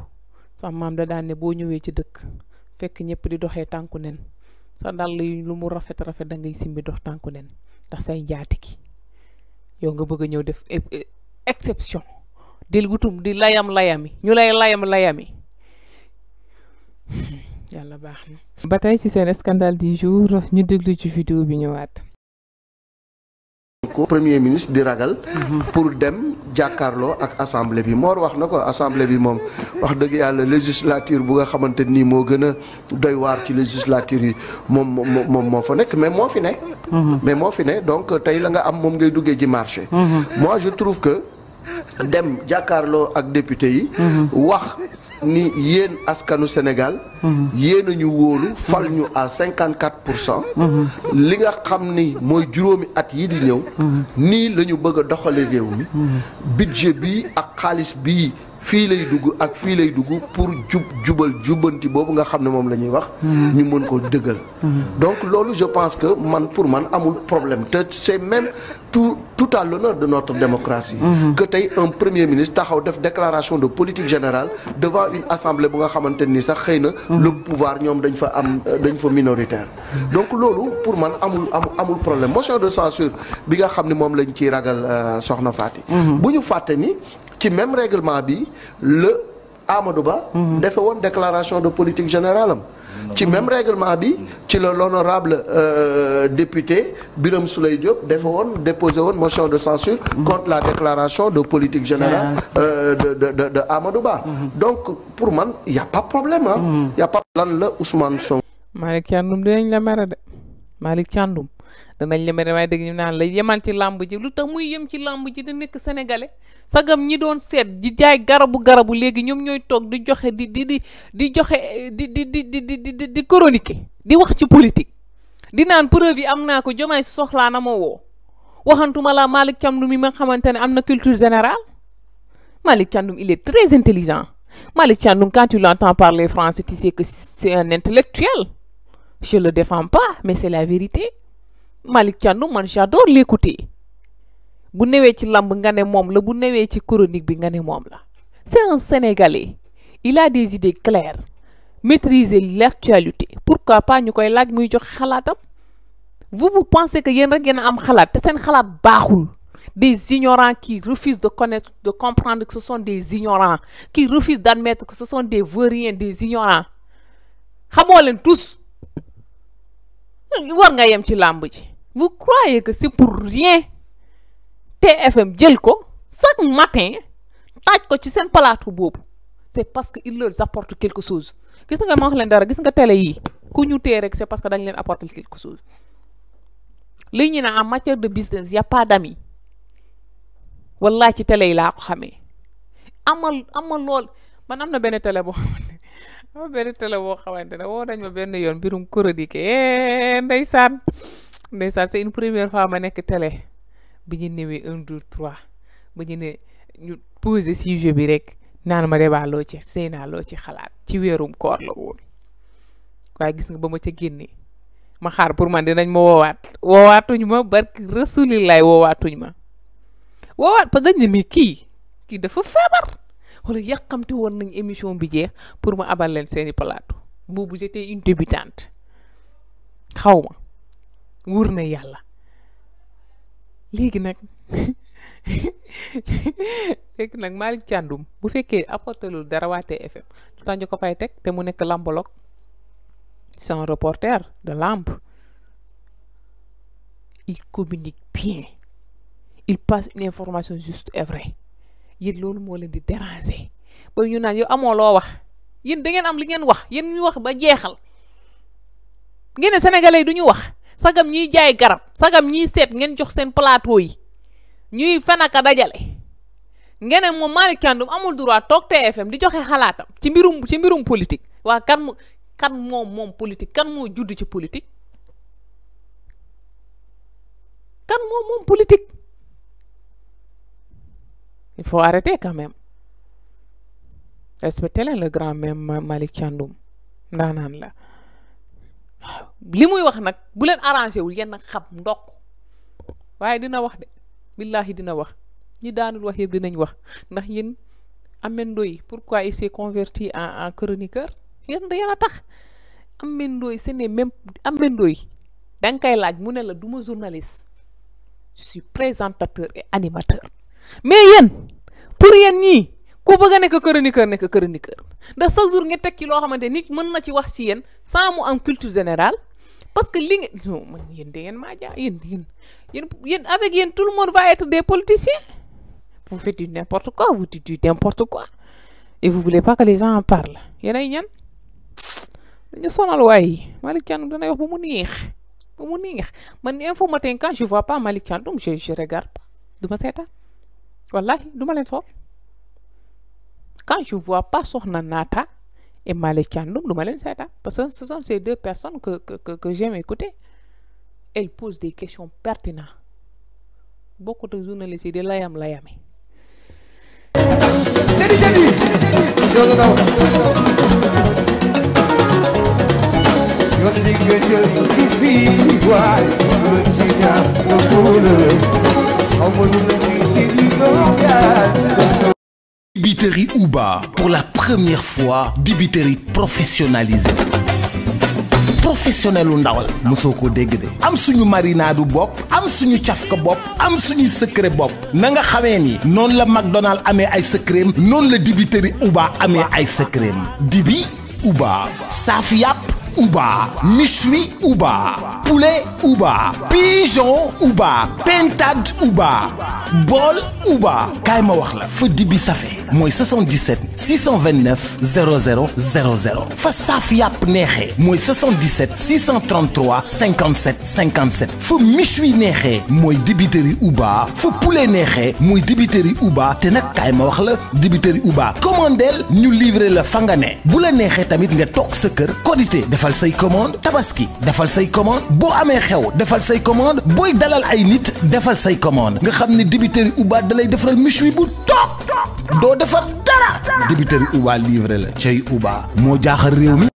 sa mam da daan bo ñëwé ci dëkk fekk ñëpp di doxé tanku nen sa dal li lu mu rafet rafet da ngay simbi dox tanku nen ndax say njaatigi yow nga bëgg ñëw def e, e, exception di wutum di layam layami ñu lay layam layami yalla baxna na. ba ci sen scandale du jour ñu deglu ci vidéo bi ñëwaat. ko premier ministre di ragal. pour dem jakarlo ak assemblée bi Mor wax nako assemblée bi mom wax deug yalla législature bu nga xamanteni mo gëna doy war ci législature yi mom mom mo fa nek mais mo fi nek mhm. mais mo fi nek donc tay la nga am mom ngay duggé ci marché. Mhm. moi je trouve que. dem jàkkaarloo ak député yi. Mhm. wax ni yéen askanu Sénégal. Mhm. yéen a ñu wóolu fal ñu à cinquante quatre pour cent. Mhm. li nga xam ni mooy juróomi at yi di ñëw. nii la ñu bëgg doxalee réew mi. budget bi ak xaalis bii fii lay dugg ak fii lay dugg pour jub jubal jubanti boobu nga xam ne moom la ñuy wax. Hmm. ñu mën ko dëggal. Hmm. donc loolu je pense que man pour man amul problème te c'est même tout tout à l'honneur de notre démocratie. Hmm. que tey un premier ministre taxaw def déclaration de politique générale devant une assemblée bu nga xamante ni sax xëy na. le pouvoir ñoom dañ fa am dañ fa minoritaire. donc loolu pour man amul amul problème motion de censure bi nga xam ne moom lañ ciy ragal euh, soxna Fatick. Qui même règlement bi le Hamadouba Ba mhm. faire une déclaration de politique générale Qui mhm. même règlement bi ci l'honorable l'honorable euh, député Biram Souleye Diop déposé une motion de censure mhm. contre la déclaration de politique générale euh, de de donc pour moi, il n'y a pas de problème Il y a pas de problème. Hein. Ousmane Sonko Malick de la de danañ la mere may dégg ñu naan la yemal ci làmb ji lu tax muy yem ci làmb ji da nekk sénégalais sagam ñi doon seet di jaay garabu garabu léegi ñoom ñooy toog di joxe di di di di joxe di di di di di di di chronique di wax ci politique di naan preuve yi am naa ko jomaay soxlaa na ma woo waxantuma la Malick Thiandoum mi ma xamantene ne am na culture générale Malick Thiandoum il est très intelligent Malick Thiandoum quand tu l'entends parler français tu sais que c'est un intellectuel je le défends pas mais c'est la vérité Malick Thiandoum man j'adore l'écouter bu newee ci lamb nga ne moom la bu ci chronique bi la c'est un Sénégalais il a des idées claires maîtriser l'actualité pourquoi pas ñukoy koy laaj muy jox xalaatam vous vous pensez que yéen rek yéen am xalaat te sen xalaat baaxul des ignorants qui refusent de connaître de comprendre que ce sont des ignorants qui refusent d'admettre que ce sont des vauriens des ignorants Xamoleen leen tous war nga yem ci lamb vous croyez que c'est pour rien TFM jël ko chaque matin taaj ko ci seen palaatu boobu c'est parce qu'ils leur apportent quelque chose gis nga ma wax leen dara gis nga télé yi ku ñu téye rek c'est parce que dañ leen apporter quelque chose li ñu ne en matière de business y a pas d'amis wallaay ci télé yi laa ko xamee amal amal lool man am na benn télé boo xamante am benn télé boo xamante ne woo dañ ma benn yoon mbirum kuréel yi eh, ndeysaan ndeysaan c'est une première fois ma nekk télé bi ñu newee un jour trois ba ñu ne ñu posé sujet bi rek naan ma débat loo ci sëy naa loo ci xalaat ci weerum koor la woon waaye gis nga ba ma ca génnee ma xaar pour man dinañ ma woowaat woowaatuñ ma barki rasulillaay woowaatuñ ma woowaat parce que ne mais kii kii dafa feebar wala yàqamte woon nañ émission bi jeex pour ma abal leen seeni plateau boobu j'étais une débutante xaw ma ngurne yalla yàlla nak nag nak malik tiandum bu fekke apotelul dara waa fm tout tax ñu fay tek te mu nek lambolok son reporter de lampe il communique bien il passe une information juste et vraie yéen loolu mo len di déranger ba ñu naan yo amo lo wax yeen da ngeen am li ngeen wax yeen ñu wax ba jéxal ngeen sénégalais duñu wax sagam ñi jaay garab sagam ñi sep ngeen jox seen plateau yi ñuy fanaka dajale ngeen mo Malick kandum amul droit tok TFM di joxe halatam ci mbirum ci mbirum politique wa kan mu kan mo mom politique kan mo judd ci politique kan mo mom politique il faut arrêter quand même respecter le grand même malik nanan la li muy wax nag bu leen arrangé wul yenn xam ndokk waaye dina wax de billaahi dina wax ñi daanul wax yëpp dinañ wax ndax yéen Ameth Ndoye pourquoi il s'est converti en en chroniqueur yéen yéen a tax Ameth Ndoye ce n'est même Ameth Ndoye koy laaj mu ne la du ma journaliste je suis présentateur et animateur mais yéen pour yéen ñii ku bëgg a nekk chroniqueur nekk chroniqueur ndax chaque jour ngeen teg ci loo xamante nit mën na ci wax ci yéen sans mu am culture générale parce que li ngeen non man yéen de yéen maa jaa yéen avec yéen tout le monde va être des politiciens vous faites du n'importe quoi vous dites du n'importe quoi et vous voulez pas que les gens en parlent yéen ay ñan dañu sonal waay Malikian nous dana wax ba munir, neex munir. mu man info matin quand je vois pas Malikian donc je je regarde pas du ma seetaan wallahi du ma leen quand je vois pas son Nata et Malik du parce que ce sont ces deux personnes que, j'aime écouter elles posent des questions pertinentes beaucoup de journalistes ne layam dibitëri Uba pour la première fois dibitëri professionnalisé professionnel lu ndawal mosoo ko dégg de am suñu marinaadu bopp am suñu cafka bopp am suñu secret bopp na nga xamee nii noonu la McDonald amee ay secret noonu la dibitëri Uba amee ay secret dibi Uba saaf yàpp Ouba, Michui Ouba, poulet Ouba, pigeon Ouba, pintade Ouba, Bol Ouba. kaay ma wax la fa 77 629 0000 00 fa Moi 77 633 57 57 Fou Michui Nehe Moui dibiteri Ouba Fou poulet neexee Moui dibiteri Ouba te nag kaay dibiteri Ouba Commandel, nous livrer le Fangané nga ne bu la tamit nga Tok qualité defal say commande tabaski defal say commande boo amee xew defal say commande booy dalal ay nit defal say commande nga xam ne débiteri ubaa dalay defaral méchoui bu toog doo defar dara débiteri Uba livré la cay Uba moo jaaxal réew